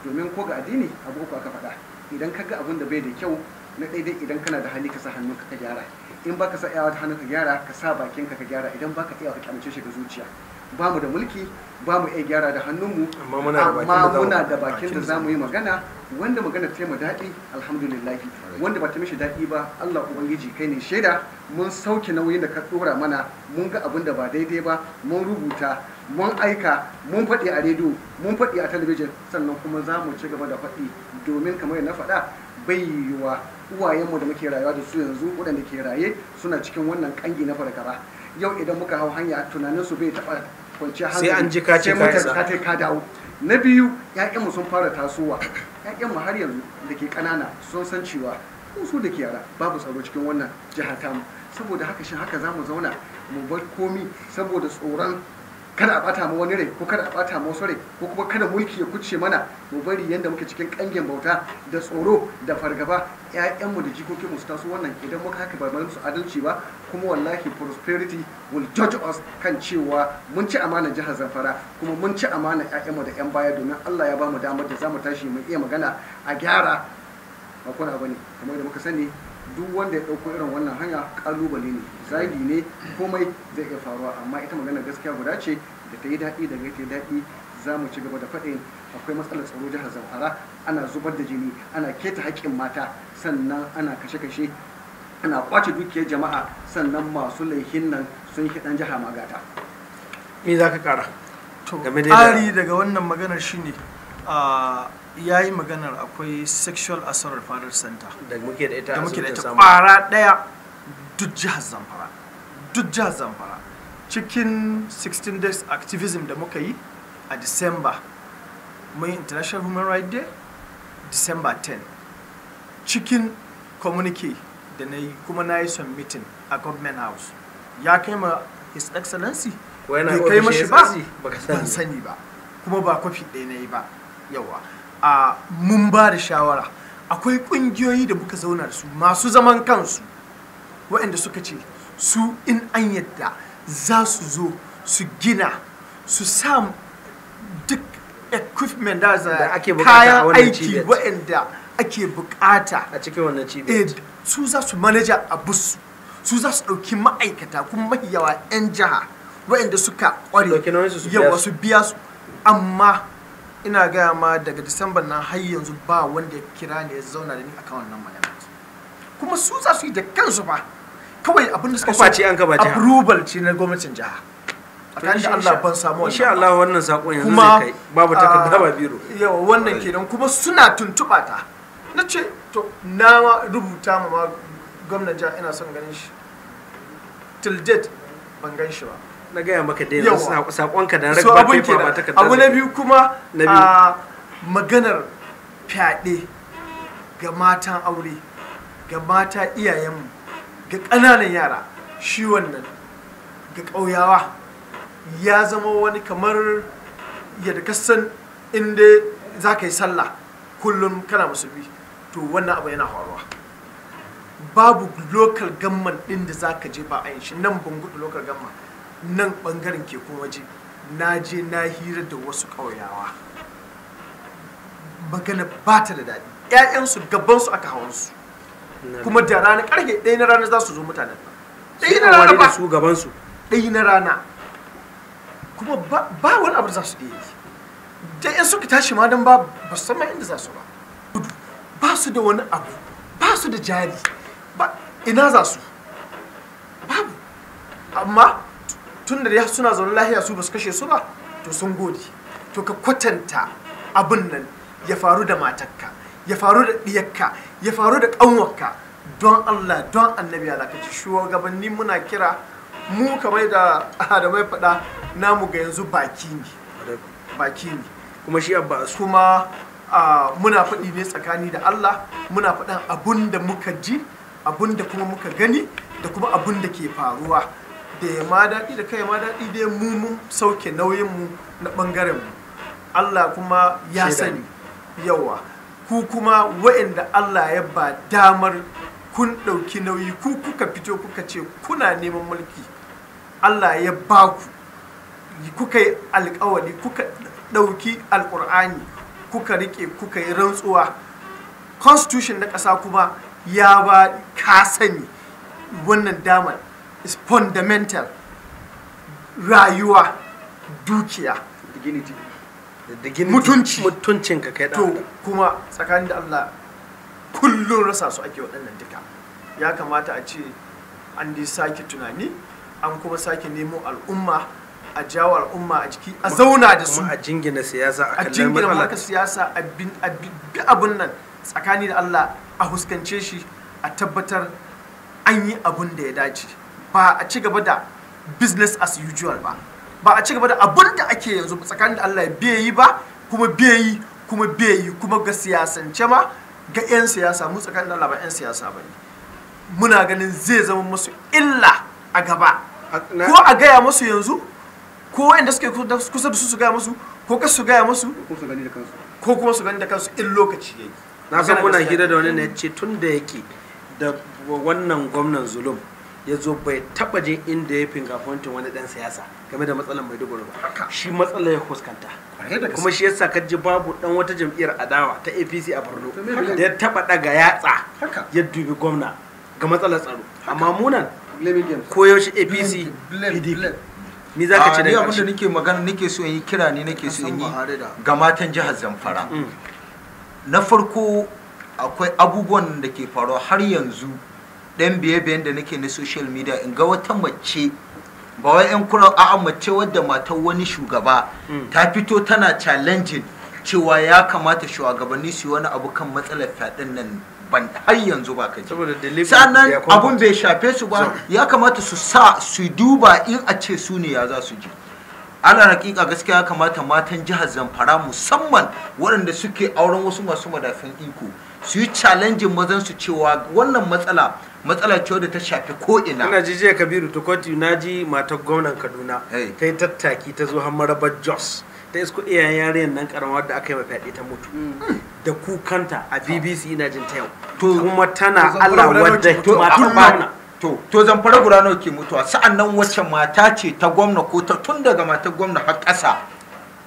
domin ko ga addini abu uku aka faɗa idan ka ga abin da bai da kyau na daidai idan kana da hali ka sa hannu ka gyara in baka sa iyawa ta hannun ka gyara ka sa bakin ka gyara idan baka iyawa ka kyamace shi ga zuciya ba mu da mulki ba mu iya gyara da hannunmu amma muna da bakin da za mu yi magana wanda magana ta yi daɗi alhamdulillah wanda ba ta mishi daɗi ba Allah ubangiji kai ne shaida mun sauke nauyin da ka ɗora mana mun ga abin da ba daidai ba mun rubuta mun aika mun faɗi a rediyo mun faɗi a talabijin sannan kuma za mu ci gaba da faɗi domin kamar na faɗa bai yiwuwa uwayenmu da muke rayuwa da su yanzu waɗanda ke raye suna cikin wannan kangi na fargaba yau idan muka hau hanya tunanin su bai taɓa kwanci hankali sai an ji kace kace ka dawo na biyu ƴaƴanmu sun fara tasowa ƴaƴanmu har yanzu da ke ƙanana sun san cewa su da ke yara babu tsaro cikin wannan jiha tamu saboda haka shin haka za mu zauna mu bar komi saboda tsoron kada a bata mu wani rai ko kada a bata mu wasu rai ko kuma kada mulki ya kuce mana mu bari yadda muke cikin kangen bauta da tsoro da fargaba ƴaƴanmu da jikokinmu su taso wannan idan muka haka bai su adalci ba kuma wallahi prosperity will judge us kan cewa mun ci amana jihar Zamfara kuma mun ci amana ƴaƴanmu da ƴan baya domin Allah ya ba mu damar da za mu tashi mu iya magana a gyara ba kuna bane kamar da muka sani duk wanda ya ɗauko irin wannan hanya ƙalubale ne zagi ne komai zai iya faruwa amma ita magana gaskiya guda ce da ta yi daɗi da ta yi daɗi za mu ci gaba da faɗin akwai matsalar tsaro jihar zamfara ana zubar da jini ana keta haƙƙin mata sannan ana kashe-kashe ana kwace dukiyar jama'a sannan masu laihin nan sun ɗan jiha magata me za ka kara to daga wannan maganar shine ne. Ah, ya yi maganar akwai sexual assault referral center da muke da ita da muke da ita kwara daya duk jihar zamfara duk jihar zamfara cikin 16 days activism da muka yi a december mai international human rights day december 10 cikin communique da na yi kuma na yi some meeting a government house ya kai ma his excellency bai kai mashi ba ban sani ba kuma ba kwafi ɗaya na yi ba yawa a mun ba da shawara akwai ƙungiyoyi da muka zauna da su masu zaman kansu waɗanda suka ce su in an yadda za su zo su gina su sa duk equipment da kayan aiki waɗanda ake bukata a cikin wannan cibiyar eh, su za su manaja a busu su za su ɗauki ma'aikata kuma yawa 'yan jiha waɗanda suka ƙware yawa su biya su amma ina gaya ma daga disamban nan har yanzu ba wanda ya kira ne ya zauna da ni akan wannan magana kuma su za su yi da kansu ba, kawai abin da suka kwace an gaba jiha approval ce na gwamnatin jiha tsakanin da Allah ban samu wannan insha Allah wannan sakon yanzu zai kai babu ah, takarda ba biro yawa wannan kenan kuma suna tuntuba ta na ce to na rubuta ma gwamnan jiha ina son ganin shi till date ban gan shi ba na gaya maka dai ya sakonka da ragba paper ba takarda abu na biyu kuma a ah, maganar fyaɗe ga matan aure ga mata iyayenmu ga ƙananan yara shi wannan ga ƙauyawa ya zama wani kamar yadda san inda za ka yi sallah kullum kana musulmi to wannan abu yana faruwa babu local gamman ɗin da za ka je ba a yin shi nan bangudu local gamman nan bangaren kekun waje na je na hira da wasu ƙauyawa magana ba ta da daɗi 'ya'yansu gabansu aka hawansu kuma da rana karge ɗaya na rana za su zo mutanen ɗaya na rana ba su gabansu ɗaya na rana kuma ba wani abu za su iya yi da in suka tashi ma dan ba ba san san inda za su ba ba su da wani abu ba su da jari ba ina za su babu amma tun da suna zaune lahiya su basu kashe su ba to sun gode to ka kwatanta abin nan ya faru da matakka ya faru da ɗiyakka ya faru da ƙanwarka don Allah don annabi alakaci shugabanni muna kira mu kamar da adamai faɗa namu ga yanzu baki ne baki ne kuma shi abba kuma muna faɗi ne tsakani da Allah muna faɗan abun da muka ji abun da kuma muka gani da kuma abun da ke faruwa da ya ma daɗi da kai ma daɗi da mu mun sauke nauyinmu na ɓangaren mu Allah kuma ya sani yawa ku kuma wa'inda Allah ya ba damar kun ɗauki nauyi ku kuka fito kuka ce kuna neman mulki Allah ya ba ku kuka yi alkawari kuka ɗauki Alƙur'ani kuka riƙe kuka yi rantsuwa constitution na ƙasa kuma ya ba ka sani wannan damar is fundamental rayuwa dukiya mutunci ka kai to kuma tsakanin da Allah kullum rasa su ake waɗannan duka ya kamata a ce an dai sake tunani an kuma sake nemo al'umma a jawo al'umma a jiki a zauna da su a jingina siyasa a jingina maka siyasa a bi abin nan tsakani da Allah a huskance shi a tabbatar an yi abun da ya dace ba a ci gaba da business as usual ba ba a ci gaba da abin da ake yanzu tsakanin da Allah bai yi ba kuma bai yi kuma bai yi kuma ga siyasance ma ga 'yan siyasa mu tsakanin da Allah ba 'yan siyasa ba ne muna ganin zai zama musu illa a gaba ko a gaya musu yanzu ko wanda suke kusa da su su gaya musu ko ka su gaya musu ko kuma su gani da kansu in lokaci yayi na san kuna hira da wani ne ya ce tun da yake da wannan gwamnan zulum ya zo bai taba je inda ya finga fontin wani dan siyasa game da matsalar maiduguri ba shi matsalar ya fuskanta kuma shi yasa kaji babu dan wata jam'iyyar adawa ta apc a borno da ya taba daga yatsa ya dubi gwamna ga matsalar tsaro amma munan koyaushe apc pdp ni za ka ci da abinda nake magana nake so in yi kira ne nake so in yi ga matan jihar zamfara mm. na farko akwai abubuwan da ke faruwa har yanzu ɗan biye-biyen da nake na social media in ga wata mace ba wai yan kura a'a mace wadda matar wani shugaba mm. ta fito tana challenging cewa ya kamata shugabanni su yi wani abu kan matsalar fadin nan ban har yanzu ba ka ji sannan abun bai shafe su ba ya kamata su sa su duba in a ce su ne ya za su ji ana hakika gaskiya ya kamata matan jihar zamfara musamman waɗanda suke auren wasu masu madafin iko su yi challenging mazan su cewa wannan matsala matsala ce da ta shafi ko ina ina ji jiya kabiru tukoti na ji matar gwamnan kaduna ta yi tattaki ta zo har marabar jos ta isko iyayen yaren nan karamar da aka yi mafi ta mutu hmm. da kukanta a bbc ina jin ta yau to kuma tana allah wadda matar to to zamfara gurano ke mutuwa sa'an nan wacce mata ce ta gwamna ko ta tun daga matar gwamna har ƙasa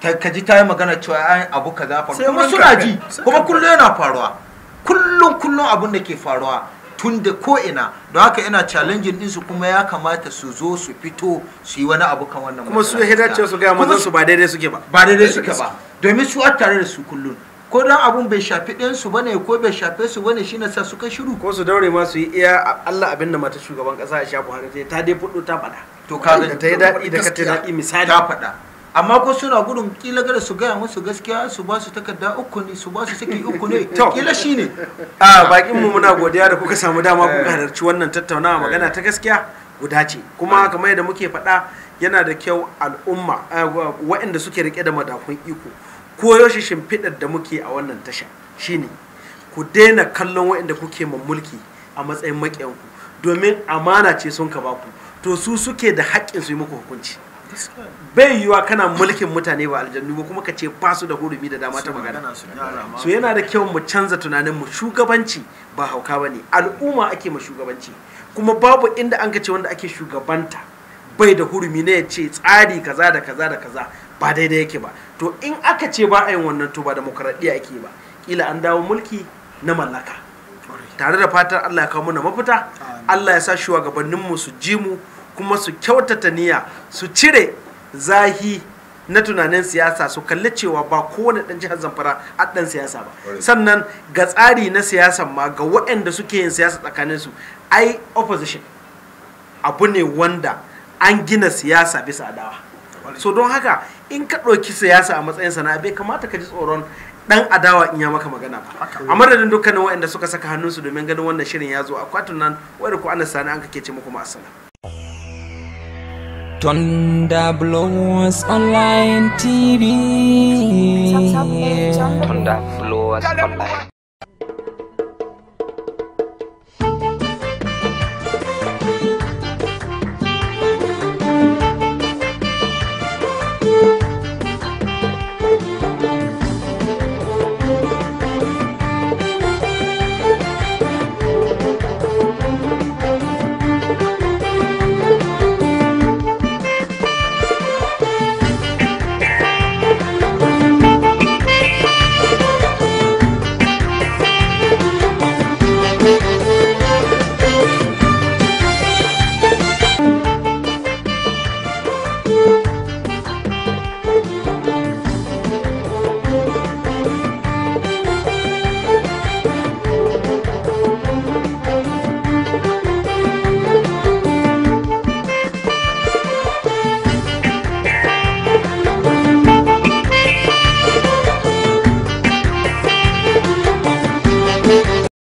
ta kaji ta yi magana cewa abu kaza faru kuma suna ji kuma kullum yana faruwa kullum kullum abin da ke faruwa tun da ko'ina don haka ina challenging ɗinsu kuma ya kamata su zo su fito su yi wani abu kan wannan kuma su ya dace su gaya mazan su ba daidai suke ba ba daidai suke ba domin su tare da su kullum ko dan abun bai shafi ɗinsu ba ne ko bai shafe su ba ne shine sa suka shiru ko su daure ma su yi iya Allah abin da mata shugaban ƙasa ya shafi buhari ta dai fudu ta faɗa to ka ga ta yi daɗi da ka ta daɗi misali ta faɗa amma ko suna gudun kila gada su gaya musu gaskiya su ba su takarda uku ne su ba su saki uku ne kila shi a bakin mu muna godiya da kuka samu dama kuka halarci wannan tattaunawa magana ta gaskiya guda ce kuma eh. kamar yadda muke faɗa yana da kyau al'umma waɗanda suke rike da madakun iko ko yaushe shimfiɗar da muke a wannan tasha shine ku daina kallon waɗanda kuke mulki a matsayin maƙiyanku domin amana ce sun ka baku to su suke da haƙƙin su yi muku hukunci bai yiwa kana mulkin mutane ba aljannu ba kuma ka ce ba su da hurumi da dama ta magana su yana da kyau mu canza tunanin mu shugabanci ba hauka ba ne al'umma ake ma shugabanci kuma babu inda an ka ce wanda ake shugabanta bai da hurumi ne ya ce tsari kaza da kaza da kaza ba daidai yake ba to in aka ce ba a yin wannan to ba demokradiyya ake ba kila an dawo mulki na mallaka tare da fatan Allah ya kawo mana mafita Allah ya sa shugabanninmu su ji mu kuma su kyautata niyya su cire zahi na tunanin siyasa su kalli cewa ba kowane dan jihar zamfara a dan siyasa ba sannan ga tsari na siyasa ma ga waɗanda suke yin siyasa tsakanin su ai opposition abu ne wanda an gina siyasa bisa adawa so don haka in ka ɗauki siyasa a matsayin sana'a bai kamata ka ji tsoron dan adawa in ya maka magana ba a madadin dukkanin waɗanda suka saka hannunsu domin ganin wannan shirin ya zo kwatun nan wadda ku ana sani an kake ce muku ma'asala Thunder Blowers Online TV. Thunder Blowers Online.